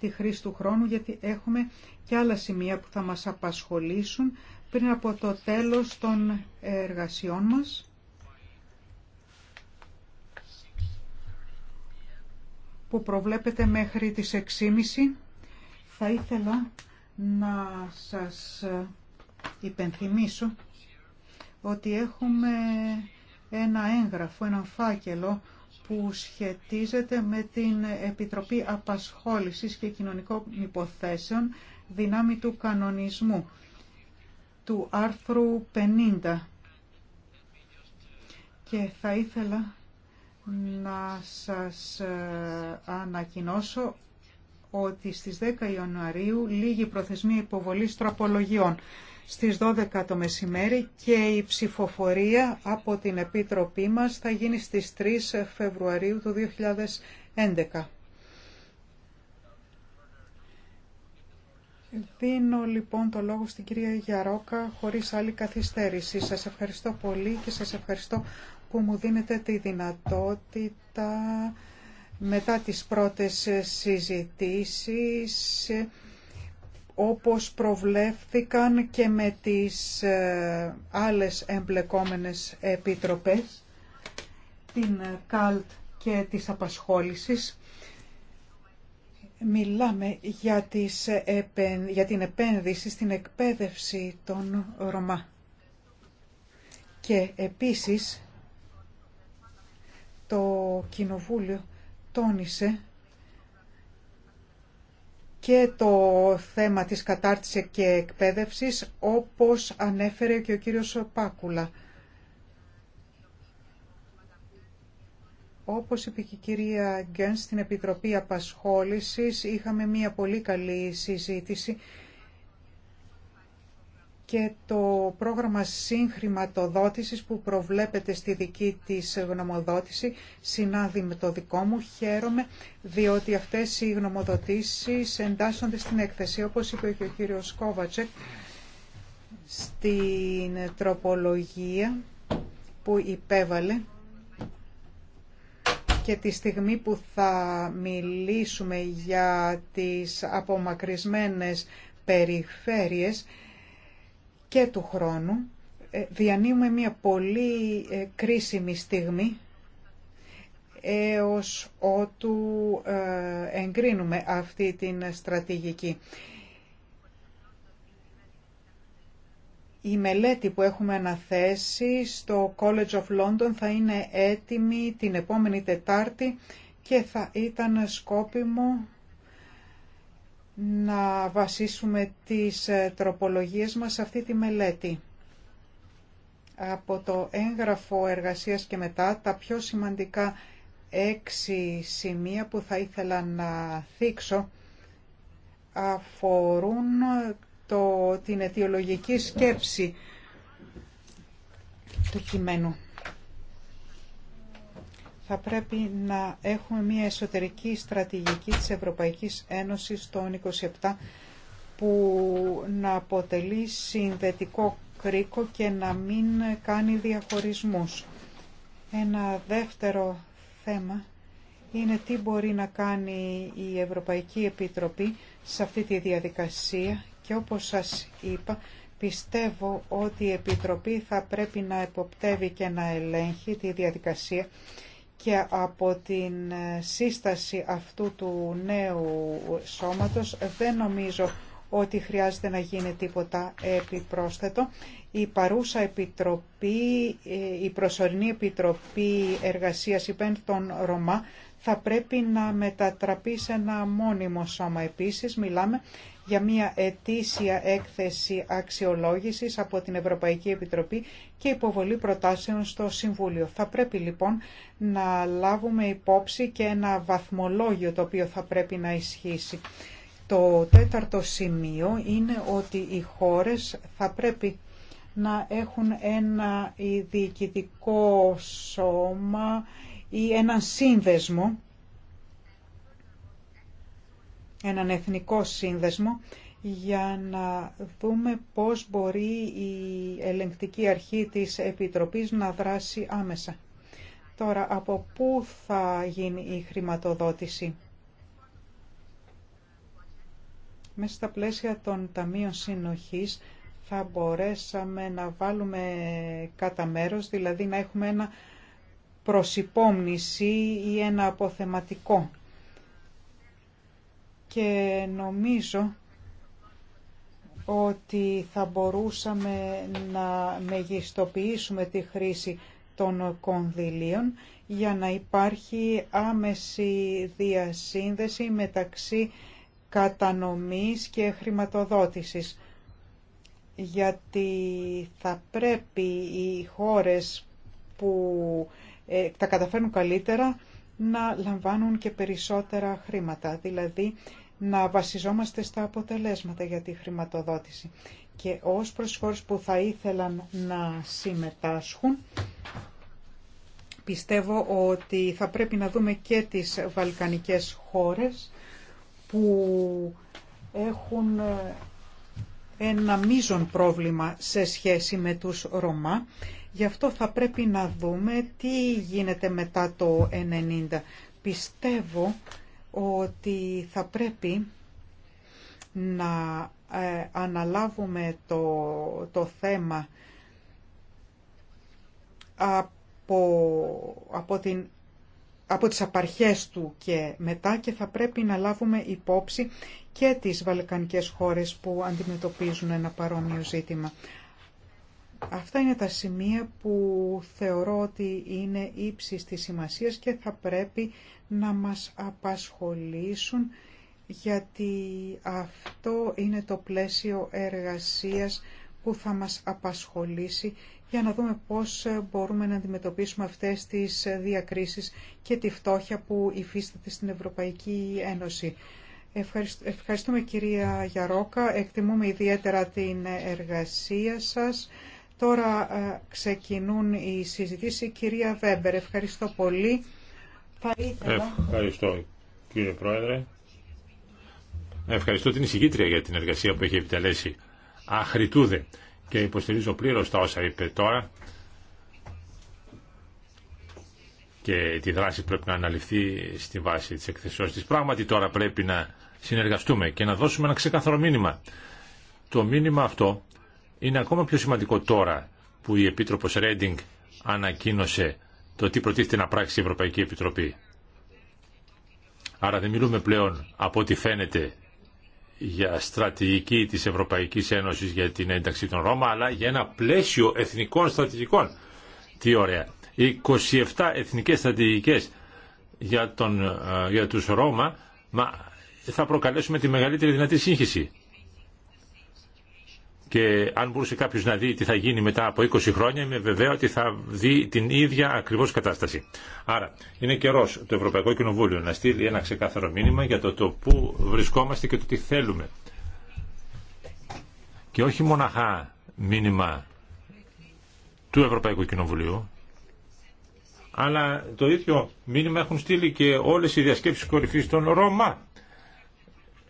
τη χρήση του χρόνου γιατί έχουμε και άλλα σημεία που θα μας απασχολήσουν πριν από το τέλος των εργασιών μας. που προβλέπεται μέχρι τις 6.30 θα ήθελα να σας υπενθυμίσω ότι έχουμε ένα έγγραφο, ένα φάκελο που σχετίζεται με την Επιτροπή Απασχόλησης και Κοινωνικών Υποθέσεων δυνάμει του κανονισμού του άρθρου 50. Και θα ήθελα να σας ε, ανακοινώσω ότι στις 10 Ιανουαρίου λίγη προθεσμία υποβολής τροπολογιών στις 12 το μεσημέρι και η ψηφοφορία από την Επίτροπή μας θα γίνει στις 3 Φεβρουαρίου του 2011. Δίνω λοιπόν το λόγο στην κυρία Γιαρόκα χωρίς άλλη καθυστέρηση. Σας ευχαριστώ πολύ και σας ευχαριστώ που μου δίνετε τη δυνατότητα μετά τις πρώτες συζητήσεις όπως προβλέφθηκαν και με τις ε, άλλες εμπλεκόμενες επιτροπές, την ε, ΚΑΛΤ και της απασχόλησης. Μιλάμε για, τις, ε, για την επένδυση στην εκπαίδευση των Ρωμά. Και επίσης το Κοινοβούλιο τόνισε και το θέμα της κατάρτισης και εκπαίδευσης, όπως ανέφερε και ο κύριος Πάκουλα. Όπως είπε και η κυρία Γκέν στην Επιτροπή Απασχόλησης, είχαμε μία πολύ καλή συζήτηση και το πρόγραμμα σύγχρηματοδότησης που προβλέπεται στη δική της γνωμοδότηση συνάδει με το δικό μου. Χαίρομαι διότι αυτές οι γνωμοδοτήσεις εντάσσονται στην έκθεση. Όπως είπε και ο κύριος Κόβατσεκ, στην τροπολογία που υπέβαλε και τη στιγμή που θα μιλήσουμε για τις απομακρυσμένες περιφέρειες, και του χρόνου. Ε, διανύουμε μια πολύ ε, κρίσιμη στιγμή έως ότου ε, εγκρίνουμε αυτή την στρατηγική. Η μελέτη που έχουμε αναθέσει στο College of London θα είναι έτοιμη την επόμενη Τετάρτη και θα ήταν σκόπιμο να βασίσουμε τις ε, τροπολογίες μας σε αυτή τη μελέτη. Από το έγγραφο εργασίας και μετά τα πιο σημαντικά έξι σημεία που θα ήθελα να θίξω αφορούν το, την αιτιολογική σκέψη του κειμένου θα πρέπει να έχουμε μια εσωτερική στρατηγική της Ευρωπαϊκής Ένωσης των 27 που να αποτελεί συνδετικό κρίκο και να μην κάνει διαχωρισμούς. Ένα δεύτερο θέμα είναι τι μπορεί να κάνει η Ευρωπαϊκή Επιτροπή σε αυτή τη διαδικασία και όπως σας είπα πιστεύω ότι η Επιτροπή θα πρέπει να εποπτεύει και να ελέγχει τη διαδικασία και από την ε, σύσταση αυτού του νέου σώματος δεν νομίζω ότι χρειάζεται να γίνει τίποτα επιπρόσθετο. Η παρούσα επιτροπή, ε, η προσωρινή επιτροπή εργασίας υπέν των Ρωμά θα πρέπει να μετατραπεί σε ένα μόνιμο σώμα. Επίσης μιλάμε για μια ετήσια έκθεση αξιολόγησης από την Ευρωπαϊκή Επιτροπή και υποβολή προτάσεων στο Συμβούλιο. Θα πρέπει λοιπόν να λάβουμε υπόψη και ένα βαθμολόγιο το οποίο θα πρέπει να ισχύσει. Το τέταρτο σημείο είναι ότι οι χώρες θα πρέπει να έχουν ένα διοικητικό σώμα ή έναν σύνδεσμο έναν εθνικό σύνδεσμο για να δούμε πώς μπορεί η ελεγκτική αρχή της Επιτροπής να δράσει άμεσα. Τώρα, από πού θα γίνει η χρηματοδότηση. Μέσα στα πλαίσια των Ταμείων Συνοχής θα μπορέσαμε να βάλουμε κατά μέρος, δηλαδή να έχουμε ένα προσυπόμνηση ή ένα αποθεματικό και νομίζω ότι θα μπορούσαμε να μεγιστοποιήσουμε τη χρήση των κονδυλίων για να υπάρχει άμεση διασύνδεση μεταξύ κατανομής και χρηματοδότησης. Γιατί θα πρέπει οι χώρες που ε, τα καταφέρνουν καλύτερα να λαμβάνουν και περισσότερα χρήματα. Δηλαδή να βασιζόμαστε στα αποτελέσματα για τη χρηματοδότηση. Και ως χώρες που θα ήθελαν να συμμετάσχουν, πιστεύω ότι θα πρέπει να δούμε και τις βαλκανικές χώρες που έχουν ε, ένα μείζον πρόβλημα σε σχέση με τους Ρωμά. Γι' αυτό θα πρέπει να δούμε τι γίνεται μετά το 90. Πιστεύω ότι θα πρέπει να ε, αναλάβουμε το, θέμα από, από, την, από τις απαρχές του και μετά και θα πρέπει να λάβουμε υπόψη και τις βαλκανικές χώρες που αντιμετωπίζουν ένα παρόμοιο ζήτημα. Αυτά είναι τα σημεία που θεωρώ ότι είναι ύψης της σημασίας και θα πρέπει να μας απασχολήσουν γιατί αυτό είναι το πλαίσιο εργασίας που θα μας απασχολήσει για να δούμε πώς μπορούμε να αντιμετωπίσουμε αυτές τις διακρίσεις και τη φτώχεια που υφίσταται στην Ευρωπαϊκή Ένωση. Ευχαριστούμε κυρία Γιαρόκα, εκτιμούμε ιδιαίτερα την εργασία σας. Τώρα ε, ξεκινούν οι συζητήσεις. Κυρία Βέμπερ, ευχαριστώ πολύ. Ευχαριστώ κύριε Πρόεδρε. Ευχαριστώ την εισηγήτρια για την εργασία που έχει επιτελέσει. Αχρητούδε και υποστηρίζω πλήρω τα όσα είπε τώρα και τη δράση πρέπει να αναλυφθεί στη βάση της εκθεσεώς της. Πράγματι τώρα πρέπει να συνεργαστούμε και να δώσουμε ένα ξεκάθαρο μήνυμα. Το μήνυμα αυτό είναι ακόμα πιο σημαντικό τώρα που η Επίτροπος Ρέντινγκ ανακοίνωσε το τι προτίθεται να πράξει η Ευρωπαϊκή Επιτροπή. Άρα δεν μιλούμε πλέον από ό,τι φαίνεται για στρατηγική της Ευρωπαϊκής Ένωσης για την ένταξη των Ρώμα, αλλά για ένα πλαίσιο εθνικών στρατηγικών. Τι ωραία. 27 εθνικές στρατηγικές για, τον, ε, για τους Ρώμα, μα θα προκαλέσουμε τη μεγαλύτερη δυνατή σύγχυση και αν μπορούσε κάποιο να δει τι θα γίνει μετά από 20 χρόνια, είμαι βεβαία ότι θα δει την ίδια ακριβώ κατάσταση. Άρα, είναι καιρό το Ευρωπαϊκό Κοινοβούλιο να στείλει ένα ξεκάθαρο μήνυμα για το, το πού βρισκόμαστε και το τι θέλουμε. Και όχι μοναχά μήνυμα του Ευρωπαϊκού Κοινοβουλίου, αλλά το ίδιο μήνυμα έχουν στείλει και όλες οι διασκέψεις κορυφής των Ρώμα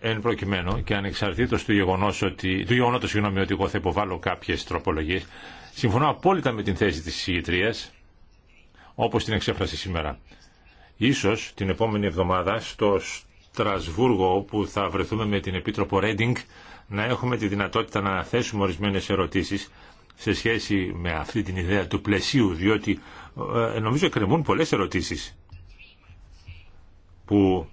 εν προκειμένου και ανεξαρτήτως του, γεγονός ότι, του γεγονότος συγγνώμη, ότι εγώ θα υποβάλω κάποιες τροπολογίες, συμφωνώ απόλυτα με την θέση της συγγητρίας, όπως την εξέφρασε σήμερα. Ίσως την επόμενη εβδομάδα στο Στρασβούργο, όπου θα βρεθούμε με την Επίτροπο Ρέντινγκ, να έχουμε τη δυνατότητα να θέσουμε ορισμένες ερωτήσεις σε σχέση με αυτή την ιδέα του πλαισίου, διότι ε, νομίζω εκκρεμούν πολλές ερωτήσεις που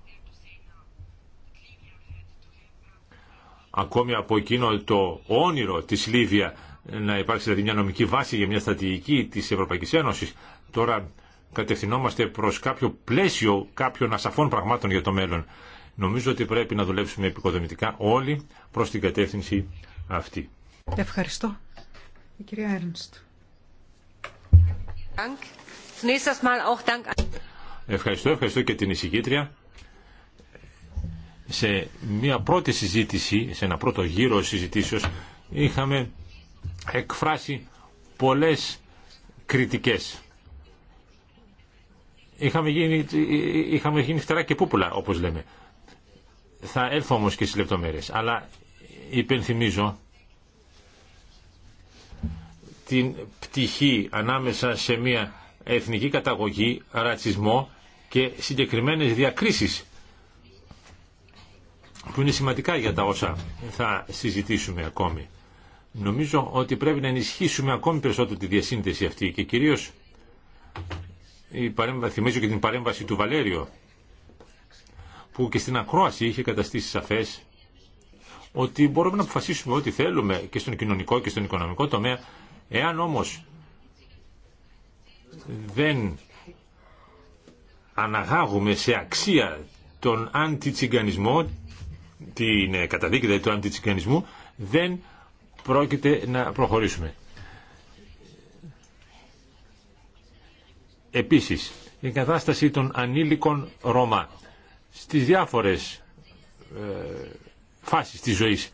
ακόμη από εκείνο το όνειρο της Λίβια να υπάρξει δηλαδή μια νομική βάση για μια στρατηγική της Ευρωπαϊκής Ένωσης. Τώρα κατευθυνόμαστε προς κάποιο πλαίσιο κάποιων ασαφών πραγμάτων για το μέλλον. Νομίζω ότι πρέπει να δουλέψουμε επικοδομητικά όλοι προς την κατεύθυνση αυτή. Ευχαριστώ. Η κυρία Έρνστ. Ευχαριστώ, ευχαριστώ και την εισηγήτρια σε μια πρώτη συζήτηση, σε ένα πρώτο γύρο συζητήσεως, είχαμε εκφράσει πολλές κριτικές. Είχαμε γίνει, είχαμε γίνει φτερά και πούπουλα, όπως λέμε. Θα έλθω όμως και στις λεπτομέρειες, αλλά υπενθυμίζω την πτυχή ανάμεσα σε μια εθνική καταγωγή, ρατσισμό και συγκεκριμένες διακρίσεις που είναι σημαντικά για τα όσα θα συζητήσουμε ακόμη. Νομίζω ότι πρέπει να ενισχύσουμε ακόμη περισσότερο τη διασύνδεση αυτή και κυρίως η θυμίζω και την παρέμβαση του Βαλέριο που και στην ακρόαση είχε καταστήσει σαφές ότι μπορούμε να αποφασίσουμε ό,τι θέλουμε και στον κοινωνικό και στον οικονομικό τομέα εάν όμως δεν αναγάγουμε σε αξία τον αντιτσιγκανισμό, την καταδίκη δηλαδή, του αντιτσικανισμού δεν πρόκειται να προχωρήσουμε. Επίσης, η κατάσταση των ανήλικων Ρωμά στις διάφορες ε, φάσεις της ζωής.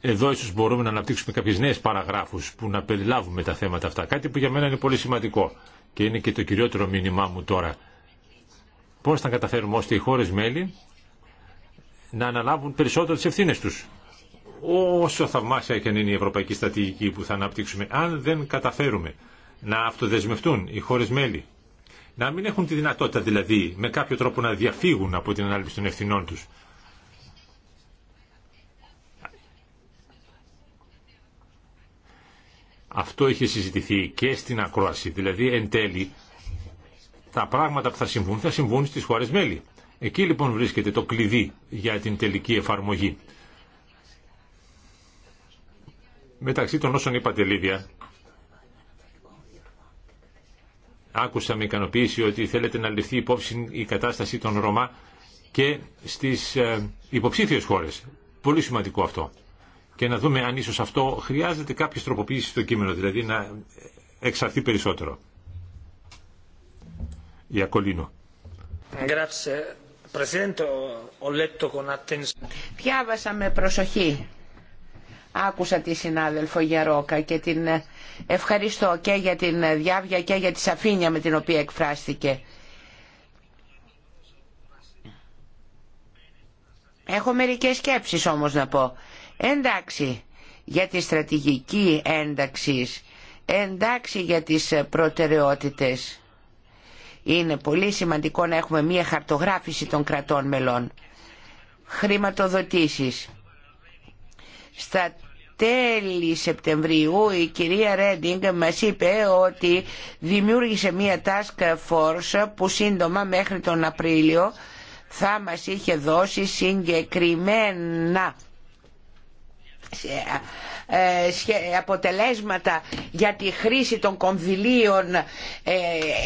Εδώ ίσως μπορούμε να αναπτύξουμε κάποιες νέες παραγράφους που να περιλάβουμε τα θέματα αυτά. Κάτι που για μένα είναι πολύ σημαντικό και είναι και το κυριότερο μήνυμά μου τώρα πώς θα καταφέρουμε ώστε οι χώρε μέλη να αναλάβουν περισσότερο τις ευθύνες τους. Όσο θαυμάσια και αν είναι η ευρωπαϊκή στρατηγική που θα αναπτύξουμε, αν δεν καταφέρουμε να αυτοδεσμευτούν οι χώρε μέλη, να μην έχουν τη δυνατότητα δηλαδή με κάποιο τρόπο να διαφύγουν από την ανάληψη των ευθυνών τους, Αυτό έχει συζητηθεί και στην ακρόαση. Δηλαδή, εν τέλει, τα πράγματα που θα συμβούν θα συμβούν στις χώρες μέλη. Εκεί λοιπόν βρίσκεται το κλειδί για την τελική εφαρμογή. Μεταξύ των όσων είπατε Λίδια, άκουσα με ικανοποίηση ότι θέλετε να ληφθεί υπόψη η κατάσταση των Ρωμά και στις ε, υποψήφιες χώρες. Πολύ σημαντικό αυτό. Και να δούμε αν ίσως αυτό χρειάζεται κάποιες τροποποίησεις στο κείμενο, δηλαδή να ε, εξαρθεί περισσότερο. Διάβασα με προσοχή. Άκουσα τη συνάδελφο Γιαρόκα και την ε, ευχαριστώ και για την ε, διάβια και για τη σαφήνεια με την οποία εκφράστηκε. Έχω μερικές σκέψεις όμως να πω. Εντάξει για τη στρατηγική ένταξης, εντάξει για τις ε, προτεραιότητες. Είναι πολύ σημαντικό να έχουμε μία χαρτογράφηση των κρατών μελών. Χρηματοδοτήσεις. Στα τέλη Σεπτεμβρίου η κυρία Ρέντινγκ μας είπε ότι δημιούργησε μία task force που σύντομα μέχρι τον Απρίλιο θα μας είχε δώσει συγκεκριμένα ε, αποτελέσματα για τη χρήση των κονδυλίων ε,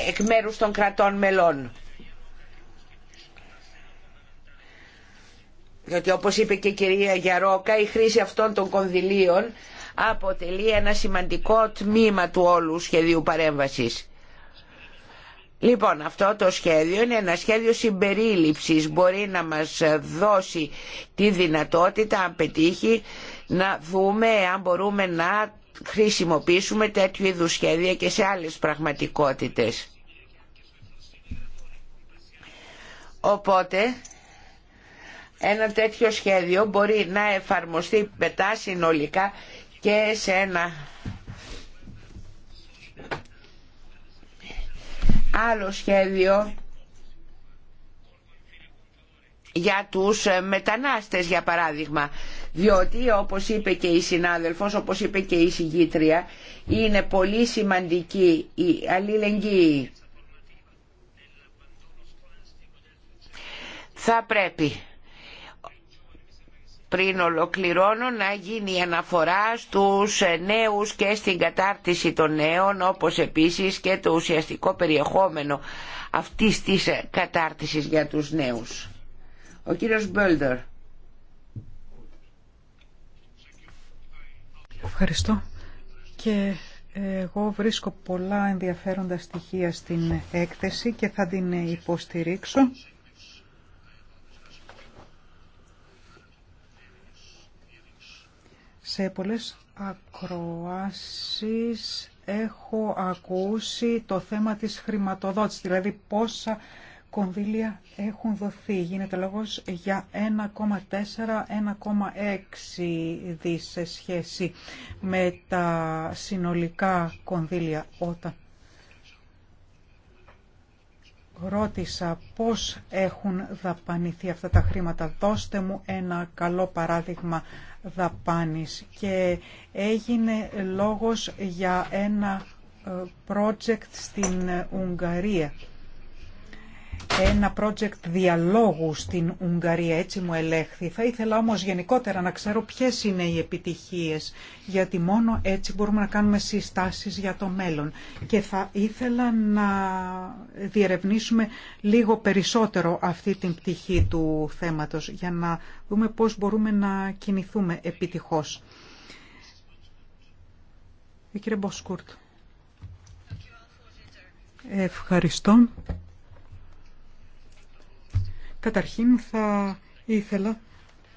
εκ μέρους των κρατών μελών. Διότι όπως είπε και η κυρία Γιαρόκα, η χρήση αυτών των κονδυλίων αποτελεί ένα σημαντικό τμήμα του όλου σχεδίου παρέμβασης. Λοιπόν, αυτό το σχέδιο είναι ένα σχέδιο συμπερίληψης. Μπορεί να μας δώσει τη δυνατότητα, αν πετύχει, να δούμε αν μπορούμε να χρησιμοποιήσουμε τέτοιου είδου σχέδια και σε άλλες πραγματικότητες. Οπότε ένα τέτοιο σχέδιο μπορεί να εφαρμοστεί μετά συνολικά και σε ένα άλλο σχέδιο για τους μετανάστες για παράδειγμα διότι όπως είπε και η συνάδελφος, όπως είπε και η συγγήτρια, είναι πολύ σημαντική η αλληλεγγύη. Θα πρέπει πριν ολοκληρώνω να γίνει η αναφορά στους νέους και στην κατάρτιση των νέων όπως επίσης και το ουσιαστικό περιεχόμενο αυτής της κατάρτισης για τους νέους. Ο κύριος Μπέλντερ. Ευχαριστώ. Και εγώ βρίσκω πολλά ενδιαφέροντα στοιχεία στην έκθεση και θα την υποστηρίξω. Σε πολλές ακροάσεις έχω ακούσει το θέμα της χρηματοδότησης, δηλαδή πόσα κονδύλια έχουν δοθεί. Γίνεται λόγος για 1,4-1,6 δις σε σχέση με τα συνολικά κονδύλια όταν ρώτησα πώς έχουν δαπανηθεί αυτά τα χρήματα. Δώστε μου ένα καλό παράδειγμα δαπάνης και έγινε λόγος για ένα ε, project στην Ουγγαρία ένα project διαλόγου στην Ουγγαρία, έτσι μου ελέγχθη. Θα ήθελα όμως γενικότερα να ξέρω ποιες είναι οι επιτυχίες, γιατί μόνο έτσι μπορούμε να κάνουμε συστάσεις για το μέλλον. Και θα ήθελα να διερευνήσουμε λίγο περισσότερο αυτή την πτυχή του θέματος, για να δούμε πώς μπορούμε να κινηθούμε επιτυχώς. Ε, Καταρχήν θα ήθελα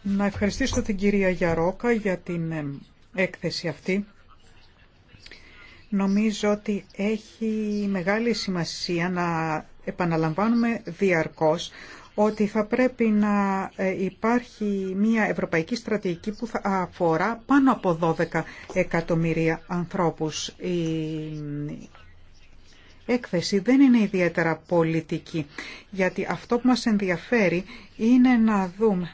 να ευχαριστήσω την κυρία Γιαρόκα για την έκθεση αυτή. Νομίζω ότι έχει μεγάλη σημασία να επαναλαμβάνουμε διαρκώς ότι θα πρέπει να ε, υπάρχει μια ευρωπαϊκή στρατηγική που θα αφορά πάνω από 12 εκατομμύρια ανθρώπους έκθεση δεν είναι ιδιαίτερα πολιτική, γιατί αυτό που μας ενδιαφέρει είναι να δούμε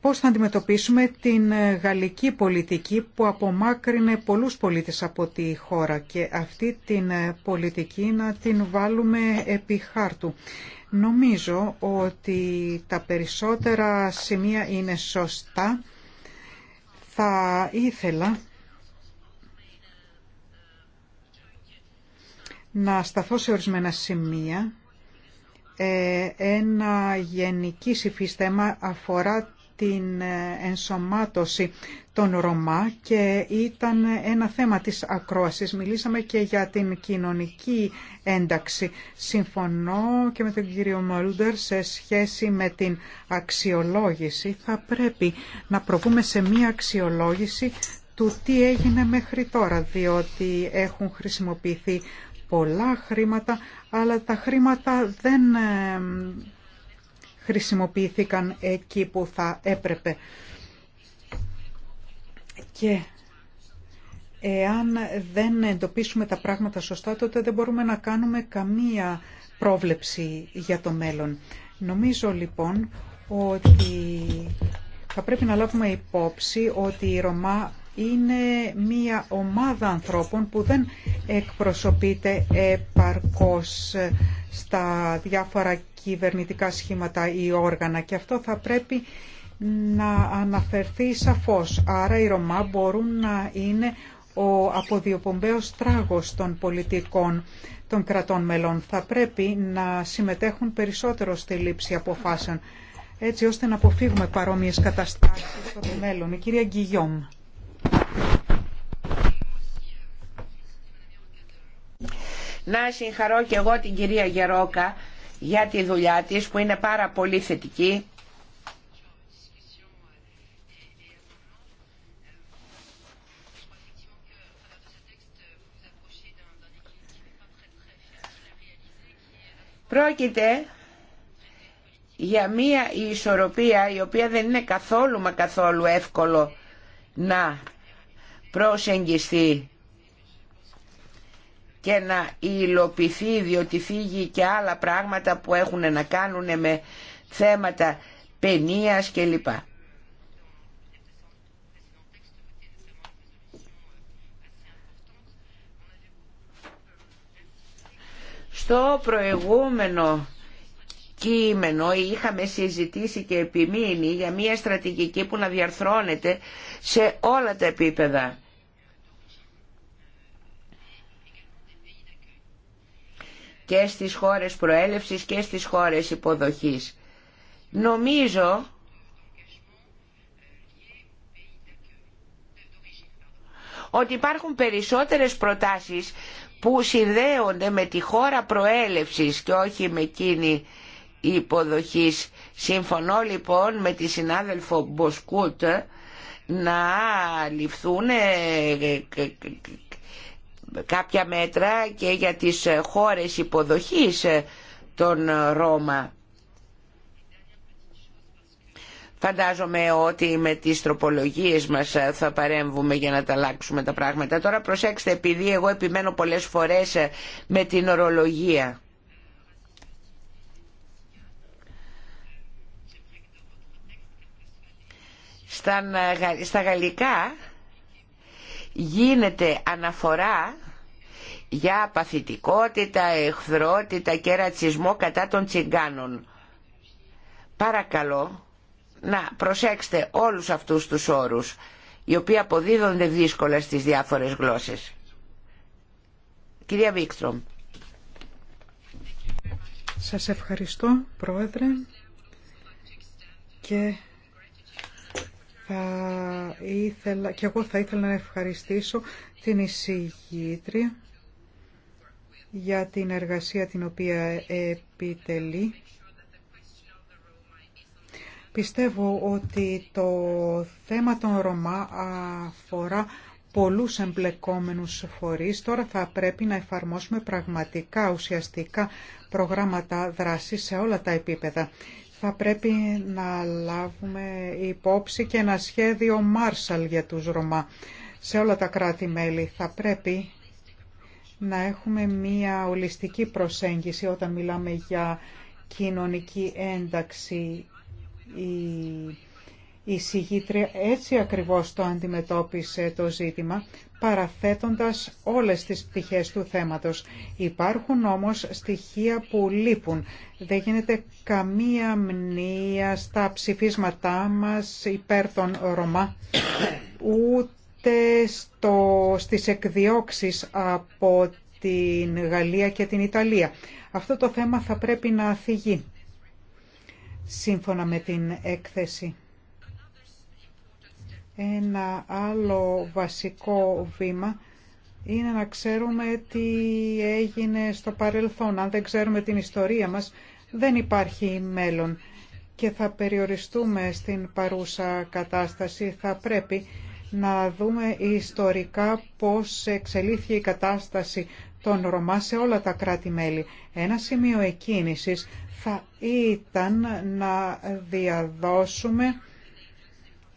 πώς θα αντιμετωπίσουμε την γαλλική πολιτική που απομάκρυνε πολλούς πολίτες από τη χώρα και αυτή την πολιτική να την βάλουμε επί χάρτου. Νομίζω ότι τα περισσότερα σημεία είναι σωστά. Θα ήθελα να σταθώ σε ορισμένα σημεία. Ε, ένα γενική υφίστεμα αφορά την ε, ενσωμάτωση των Ρωμά και ήταν ένα θέμα της ακρόασης. Μιλήσαμε και για την κοινωνική ένταξη. Συμφωνώ και με τον κύριο Μολούντερ σε σχέση με την αξιολόγηση. Θα πρέπει να προβούμε σε μία αξιολόγηση του τι έγινε μέχρι τώρα, διότι έχουν χρησιμοποιηθεί πολλά χρήματα, αλλά τα χρήματα δεν ε, χρησιμοποιήθηκαν εκεί που θα έπρεπε. Και εάν δεν εντοπίσουμε τα πράγματα σωστά, τότε δεν μπορούμε να κάνουμε καμία πρόβλεψη για το μέλλον. Νομίζω λοιπόν ότι θα πρέπει να λάβουμε υπόψη ότι η Ρωμά είναι μία ομάδα ανθρώπων που δεν εκπροσωπείται επαρκώς στα διάφορα κυβερνητικά σχήματα ή όργανα και αυτό θα πρέπει να αναφερθεί σαφώς. Άρα οι Ρωμά μπορούν να είναι ο αποδιοπομπαίος τράγος των πολιτικών των κρατών μελών. Θα πρέπει να συμμετέχουν περισσότερο στη λήψη αποφάσεων έτσι ώστε να αποφύγουμε παρόμοιες καταστάσεις στο μέλλον. Η κυρία Γκυγιόμ. Να συγχαρώ και εγώ την κυρία Γερόκα για τη δουλειά της που είναι πάρα πολύ θετική. Πρόκειται για μία ισορροπία η οποία δεν είναι καθόλου μα καθόλου εύκολο να προσεγγιστεί και να υλοποιηθεί διότι φύγει και άλλα πράγματα που έχουν να κάνουν με θέματα παινίας κλπ. Στο προηγούμενο κείμενο είχαμε συζητήσει και επιμείνει για μια στρατηγική που να διαρθρώνεται σε όλα τα επίπεδα. και στις χώρες προέλευσης και στις χώρες υποδοχής. Νομίζω ότι υπάρχουν περισσότερες προτάσεις που συνδέονται με τη χώρα προέλευσης και όχι με εκείνη υποδοχής. Συμφωνώ λοιπόν με τη συνάδελφο Μποσκούτ να ληφθούν ε, ε, ε, κάποια μέτρα και για τις χώρες υποδοχής των Ρώμα. Φαντάζομαι ότι με τις τροπολογίες μας θα παρέμβουμε για να τα αλλάξουμε τα πράγματα. Τώρα προσέξτε, επειδή εγώ επιμένω πολλές φορές με την ορολογία. Ε, στα γαλλικά γίνεται αναφορά για παθητικότητα, εχθρότητα και ρατσισμό κατά των τσιγκάνων. Παρακαλώ να προσέξετε όλους αυτούς τους όρους, οι οποίοι αποδίδονται δύσκολα στις διάφορες γλώσσες. Κυρία Βίκτρομ. Σας ευχαριστώ, Πρόεδρε, και θα ήθελα, και εγώ θα ήθελα να ευχαριστήσω την εισηγήτρια για την εργασία την οποία επιτελεί. Πιστεύω ότι το θέμα των Ρωμά αφορά πολλούς εμπλεκόμενους φορείς. Τώρα θα πρέπει να εφαρμόσουμε πραγματικά ουσιαστικά προγράμματα δράσης σε όλα τα επίπεδα θα πρέπει να λάβουμε υπόψη και ένα σχέδιο Μάρσαλ για τους Ρωμά. Σε όλα τα κράτη-μέλη θα πρέπει να έχουμε μία ολιστική προσέγγιση όταν μιλάμε για κοινωνική ένταξη η, η έτσι ακριβώς το αντιμετώπισε το ζήτημα παραθέτοντας όλες τις πτυχές του θέματος. Υπάρχουν όμως στοιχεία που λείπουν. Δεν γίνεται καμία μνήα στα ψηφίσματά μας υπέρ των Ρωμά, ούτε στο, στις εκδιώξεις από την Γαλλία και την Ιταλία. Αυτό το θέμα θα πρέπει να αφηγεί, σύμφωνα με την έκθεση ένα άλλο βασικό βήμα είναι να ξέρουμε τι έγινε στο παρελθόν. Αν δεν ξέρουμε την ιστορία μας, δεν υπάρχει μέλλον και θα περιοριστούμε στην παρούσα κατάσταση. Θα πρέπει να δούμε ιστορικά πώς εξελίχθηκε η κατάσταση των Ρωμά σε όλα τα κράτη-μέλη. Ένα σημείο εκκίνησης θα ήταν να διαδώσουμε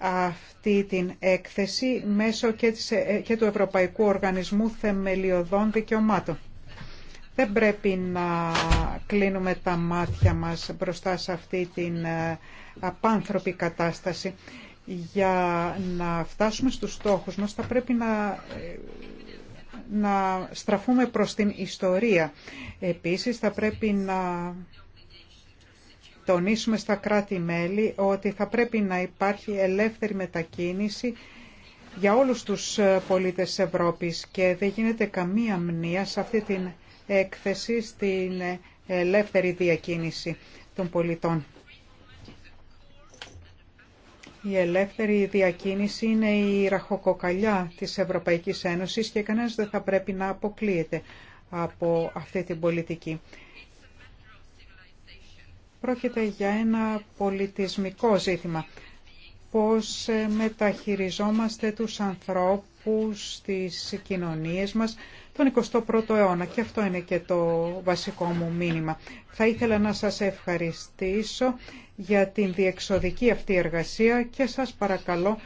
αυτή την έκθεση μέσω και, της, ε, και του Ευρωπαϊκού Οργανισμού Θεμελιωδών Δικαιωμάτων. Δεν πρέπει να κλείνουμε τα μάτια μας μπροστά σε αυτή την ε, απάνθρωπη κατάσταση. Για να φτάσουμε στους στόχους μας θα πρέπει να, ε, να στραφούμε προς την ιστορία. Επίσης θα πρέπει να τονίσουμε στα κράτη-μέλη ότι θα πρέπει να υπάρχει ελεύθερη μετακίνηση για όλους τους ε, πολίτες της Ευρώπης και δεν γίνεται καμία μνήα σε αυτή την έκθεση στην ε, ελεύθερη διακίνηση των πολιτών. Η ελεύθερη διακίνηση είναι η ραχοκοκαλιά της Ευρωπαϊκής Ένωσης και κανένας δεν θα πρέπει να αποκλείεται από αυτή την πολιτική. Πρόκειται για ένα πολιτισμικό ζήτημα. Πώς ε, μεταχειριζόμαστε τους ανθρώπους στις κοινωνίες μας τον 21ο αιώνα. Και αυτό είναι και το βασικό μου μήνυμα. Θα ήθελα να σας ευχαριστήσω για την διεξοδική αυτή εργασία και σας παρακαλώ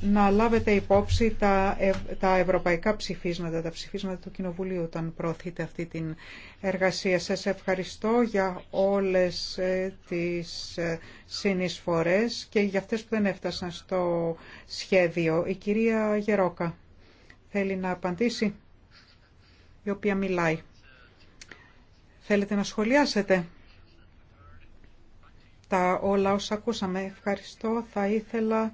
να λάβετε υπόψη τα, τα ευρωπαϊκά ψηφίσματα, τα ψηφίσματα του Κοινοβουλίου όταν προωθείτε αυτή την εργασία. Σας ευχαριστώ για όλες ε, τις ε, συνεισφορές και για αυτές που δεν έφτασαν στο σχέδιο. Η κυρία Γερόκα θέλει να απαντήσει, η οποία μιλάει. Θέλετε να σχολιάσετε τα όλα όσα ακούσαμε. Ευχαριστώ. Θα ήθελα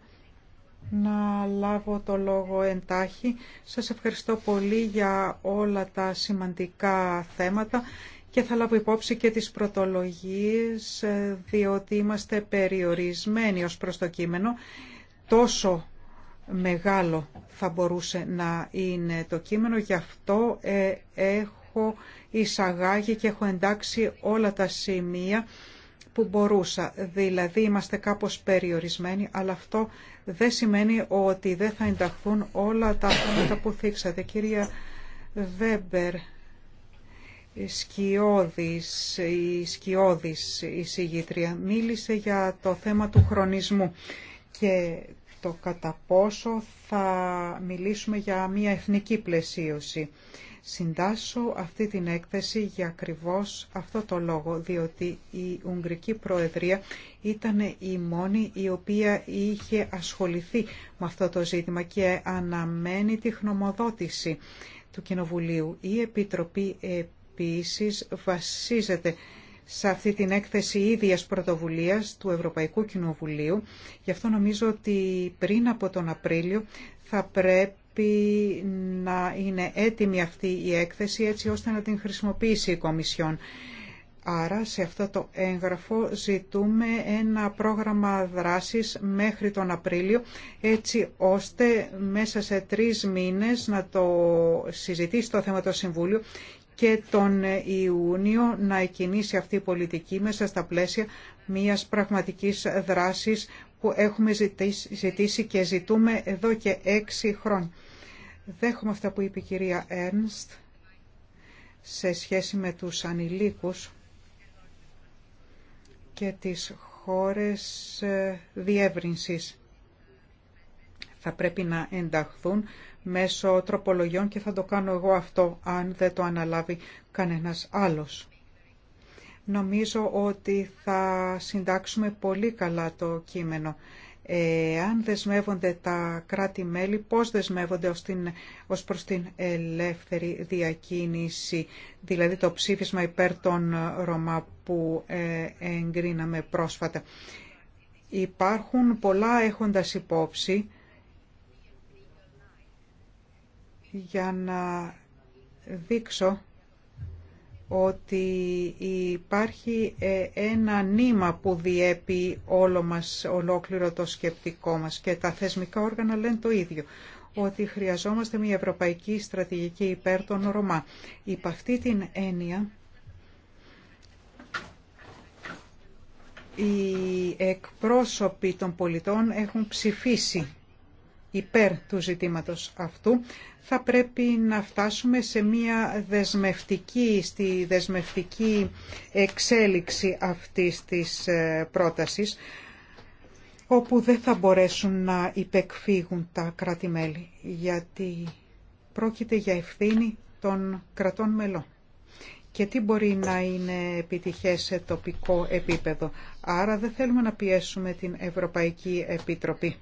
να λάβω το λόγο εντάχει. Σας ευχαριστώ πολύ για όλα τα σημαντικά θέματα και θα λάβω υπόψη και τις πρωτολογίες διότι είμαστε περιορισμένοι ως προς το κείμενο. Τόσο μεγάλο θα μπορούσε να είναι το κείμενο, γι' αυτό ε, έχω εισαγάγει και έχω εντάξει όλα τα σημεία που μπορούσα. Δηλαδή είμαστε κάπως περιορισμένοι, αλλά αυτό δεν σημαίνει ότι δεν θα ενταχθούν όλα τα θέματα που θίξατε. Κυρία Βέμπερ, σκιώδης, η σκιώδης εισηγήτρια, μίλησε για το θέμα του χρονισμού και το κατά πόσο θα μιλήσουμε για μια εθνική πλαισίωση. Συντάσσω αυτή την έκθεση για ακριβώς αυτό το λόγο, διότι η Ουγγρική Προεδρία ήταν η μόνη η οποία είχε ασχοληθεί με αυτό το ζήτημα και αναμένει τη χνομοδότηση του Κοινοβουλίου. Η Επιτροπή επίσης βασίζεται σε αυτή την έκθεση ίδιας πρωτοβουλίας του Ευρωπαϊκού Κοινοβουλίου. Γι' αυτό νομίζω ότι πριν από τον Απρίλιο θα πρέπει να είναι έτοιμη αυτή η έκθεση έτσι ώστε να την χρησιμοποιήσει η Κομισιόν. Άρα σε αυτό το έγγραφο ζητούμε ένα πρόγραμμα δράσης μέχρι τον Απρίλιο έτσι ώστε μέσα σε τρεις μήνες να το συζητήσει το θέμα το Συμβούλιο και τον Ιούνιο να εκκινήσει αυτή η πολιτική μέσα στα πλαίσια μιας πραγματικής δράσης που έχουμε ζητήσει και ζητούμε εδώ και έξι χρόνια. Δέχομαι αυτά που είπε η κυρία Έρνστ σε σχέση με τους ανηλίκους και τις χώρες ε, διεύρυνσης. Θα πρέπει να ενταχθούν μέσω τροπολογιών και θα το κάνω εγώ αυτό αν δεν το αναλάβει κανένας άλλος. Νομίζω ότι θα συντάξουμε πολύ καλά το κείμενο. Ε, αν δεσμεύονται τα κράτη-μέλη, πώς δεσμεύονται ως, την, ως προς την ελεύθερη διακίνηση, δηλαδή το ψήφισμα υπέρ των Ρωμά που ε, εγκρίναμε πρόσφατα. Υπάρχουν πολλά έχοντας υπόψη για να δείξω ότι υπάρχει ε, ένα νήμα που διέπει όλο μας, ολόκληρο το σκεπτικό μας και τα θεσμικά όργανα λένε το ίδιο ότι χρειαζόμαστε μια ευρωπαϊκή στρατηγική υπέρ των Ρωμά. Υπ' αυτή την έννοια οι εκπρόσωποι των πολιτών έχουν ψηφίσει υπέρ του ζητήματος αυτού, θα πρέπει να φτάσουμε σε μια δεσμευτική, στη δεσμευτική εξέλιξη αυτής της ε, πρότασης, όπου δεν θα μπορέσουν να υπεκφύγουν τα κράτη-μέλη, γιατί πρόκειται για ευθύνη των κρατών μελών. Και τι μπορεί να είναι επιτυχές σε τοπικό επίπεδο. Άρα δεν θέλουμε να πιέσουμε την Ευρωπαϊκή Επιτροπή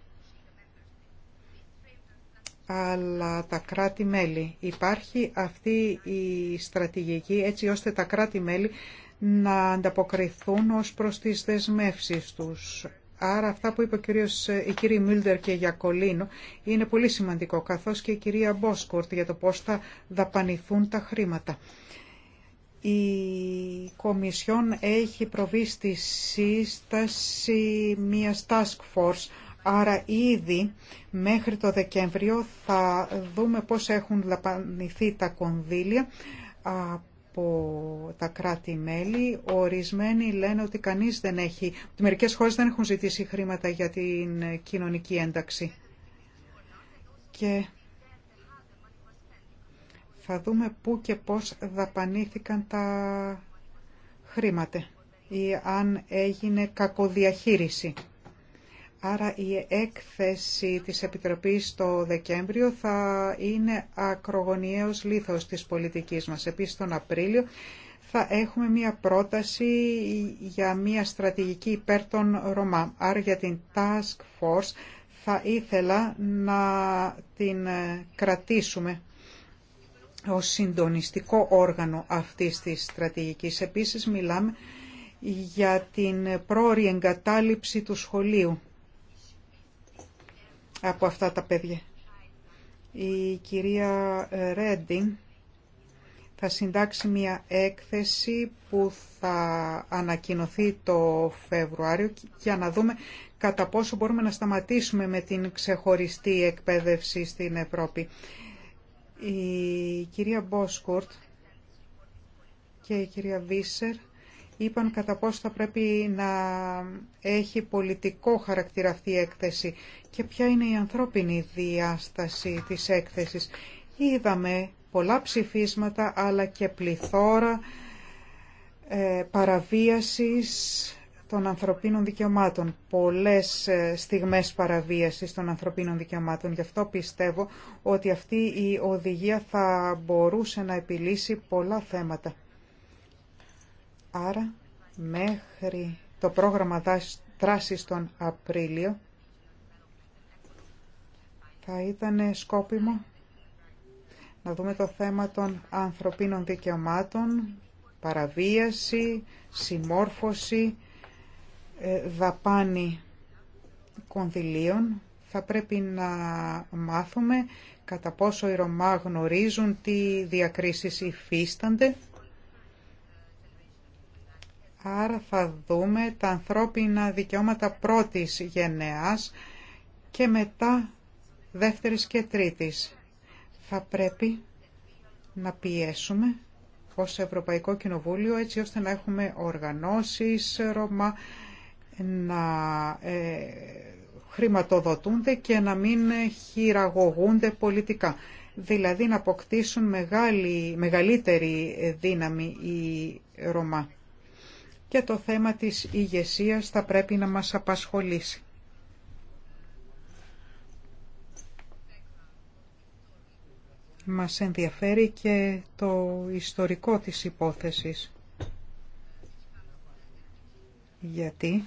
αλλά τα κράτη-μέλη. Υπάρχει αυτή η στρατηγική έτσι ώστε τα κράτη-μέλη να ανταποκριθούν ως προς τις δεσμεύσεις τους. Άρα αυτά που είπε ο η κυρία Μίλντερ και η Γιακολίνο είναι πολύ σημαντικό, καθώς και η κυρία Μπόσκορτ για το πώς θα δαπανηθούν τα χρήματα. Η Κομισιόν έχει προβεί στη σύσταση μιας task force Άρα ήδη μέχρι το Δεκέμβριο θα δούμε πώς έχουν λαπανηθεί τα κονδύλια από τα κράτη-μέλη. Ορισμένοι λένε ότι κανείς δεν έχει, ότι μερικές χώρες δεν έχουν ζητήσει χρήματα για την κοινωνική ένταξη. Και θα δούμε πού και πώς δαπανήθηκαν τα χρήματα ή αν έγινε κακοδιαχείριση. Άρα η έκθεση της Επιτροπής το Δεκέμβριο θα είναι ακρογωνιαίος λίθος της πολιτικής μας. Επίσης τον Απρίλιο θα έχουμε μία πρόταση για μία στρατηγική υπέρ των Ρωμά. Άρα για την Task Force θα ήθελα να την κρατήσουμε ως συντονιστικό όργανο αυτής της στρατηγικής. Επίσης μιλάμε για την πρόορη εγκατάλειψη του σχολείου από αυτά τα παιδιά. Η κυρία Ρέντιν θα συντάξει μια έκθεση που θα ανακοινωθεί το Φεβρουάριο για να δούμε κατά πόσο μπορούμε να σταματήσουμε με την ξεχωριστή εκπαίδευση στην Ευρώπη. Η κυρία Μπόσκορτ και η κυρία Βίσερ είπαν κατά πώς θα πρέπει να έχει πολιτικό χαρακτήρα αυτή η έκθεση και ποια είναι η ανθρώπινη διάσταση της έκθεσης. Είδαμε πολλά ψηφίσματα αλλά και πληθώρα ε, παραβίασης των ανθρωπίνων δικαιωμάτων, πολλές ε, στιγμές παραβίασης των ανθρωπίνων δικαιωμάτων. Γι' αυτό πιστεύω ότι αυτή η οδηγία θα μπορούσε να επιλύσει πολλά θέματα. Άρα, μέχρι το πρόγραμμα δράσης τον Απρίλιο, θα ήταν σκόπιμο να δούμε το θέμα των ανθρωπίνων δικαιωμάτων, παραβίαση, συμμόρφωση, ε, δαπάνη κονδυλίων. Θα πρέπει να μάθουμε κατά πόσο οι Ρωμά γνωρίζουν τι διακρίσεις υφίστανται Άρα θα δούμε τα ανθρώπινα δικαιώματα πρώτης γενεάς και μετά δεύτερης και τρίτης. Θα πρέπει να πιέσουμε ως Ευρωπαϊκό Κοινοβούλιο έτσι ώστε να έχουμε οργανώσεις Ρωμά να ε, χρηματοδοτούνται και να μην χειραγωγούνται πολιτικά. Δηλαδή να αποκτήσουν μεγάλη, μεγαλύτερη δύναμη οι Ρωμά και το θέμα της ηγεσία θα πρέπει να μας απασχολήσει. Μας ενδιαφέρει και το ιστορικό της υπόθεσης. Γιατί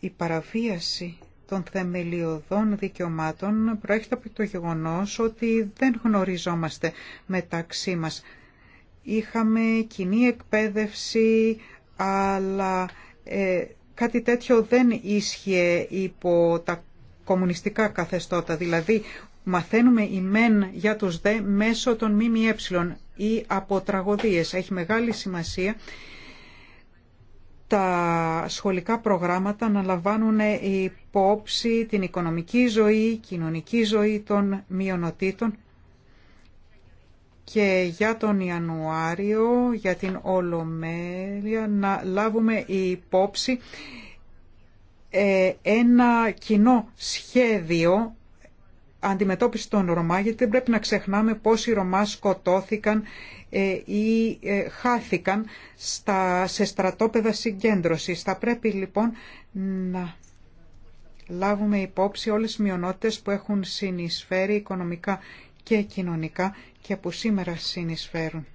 η παραβίαση των θεμελιωδών δικαιωμάτων προέρχεται από το γεγονός ότι δεν γνωριζόμαστε μεταξύ μας είχαμε κοινή εκπαίδευση, αλλά ε, κάτι τέτοιο δεν ίσχυε υπό τα κομμουνιστικά καθεστώτα. Δηλαδή, μαθαίνουμε η μεν για τους δε μέσω των ΜΜΕ ή από τραγωδίες. Έχει μεγάλη σημασία τα σχολικά προγράμματα να λαμβάνουν υπόψη την οικονομική ζωή, κοινωνική ζωή των μειονοτήτων και για τον Ιανουάριο, για την Ολομέλεια, να λάβουμε υπόψη ε, ένα κοινό σχέδιο αντιμετώπιση των Ρωμά, γιατί δεν πρέπει να ξεχνάμε πόσοι Ρωμά σκοτώθηκαν ε, ή ε, χάθηκαν στα, σε στρατόπεδα συγκέντρωσης. Θα πρέπει λοιπόν να λάβουμε υπόψη όλες τις μειονότητες που έχουν συνεισφέρει οικονομικά και κοινωνικά και που σήμερα συνεισφέρουν.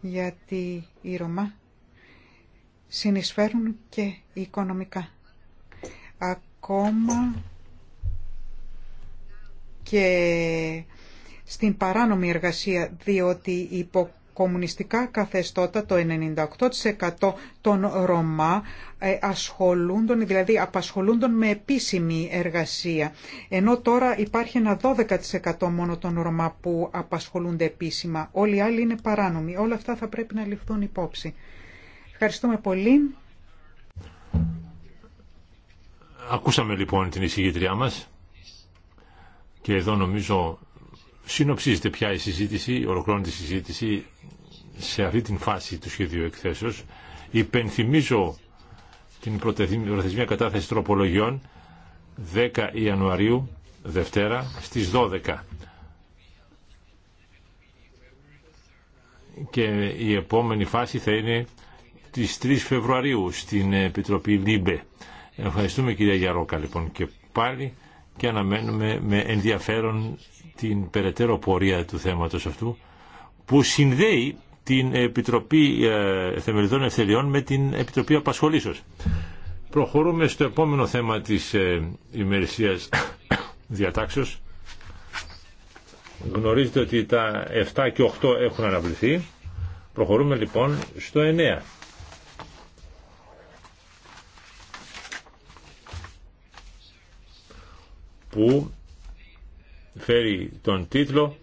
Γιατί οι Ρωμά συνεισφέρουν και οικονομικά. Ακόμα και στην παράνομη εργασία, διότι υπό κομμουνιστικά καθεστώτα το 98% των Ρωμά ε, ασχολούνταν, δηλαδή απασχολούνται με επίσημη εργασία. Ενώ τώρα υπάρχει ένα 12% μόνο των Ρωμά που απασχολούνται επίσημα. Όλοι οι άλλοι είναι παράνομοι. Όλα αυτά θα πρέπει να ληφθούν υπόψη. Ευχαριστούμε πολύ. Ακούσαμε λοιπόν την εισηγήτριά μας και εδώ νομίζω συνοψίζεται πια η συζήτηση, ολοκλώνεται η συζήτηση σε αυτή την φάση του σχεδίου εκθέσεως. Υπενθυμίζω την προθεσμία κατάθεση τροπολογιών 10 Ιανουαρίου, Δευτέρα, στις 12. Και η επόμενη φάση θα είναι τις 3 Φεβρουαρίου στην Επιτροπή ΛΥΜΠΕ. Ευχαριστούμε κυρία Γιαρόκα λοιπόν και πάλι και αναμένουμε με ενδιαφέρον την περαιτέρω πορεία του θέματος αυτού που συνδέει την Επιτροπή ε, Θεμελιδών Ευθεριών με την Επιτροπή Απασχολήσεως. Προχωρούμε στο επόμενο θέμα της ε, ημερησίας διατάξεως. Γνωρίζετε ότι τα 7 και 8 έχουν αναβληθεί. Προχωρούμε λοιπόν στο 9. που φέρει τον τίτλο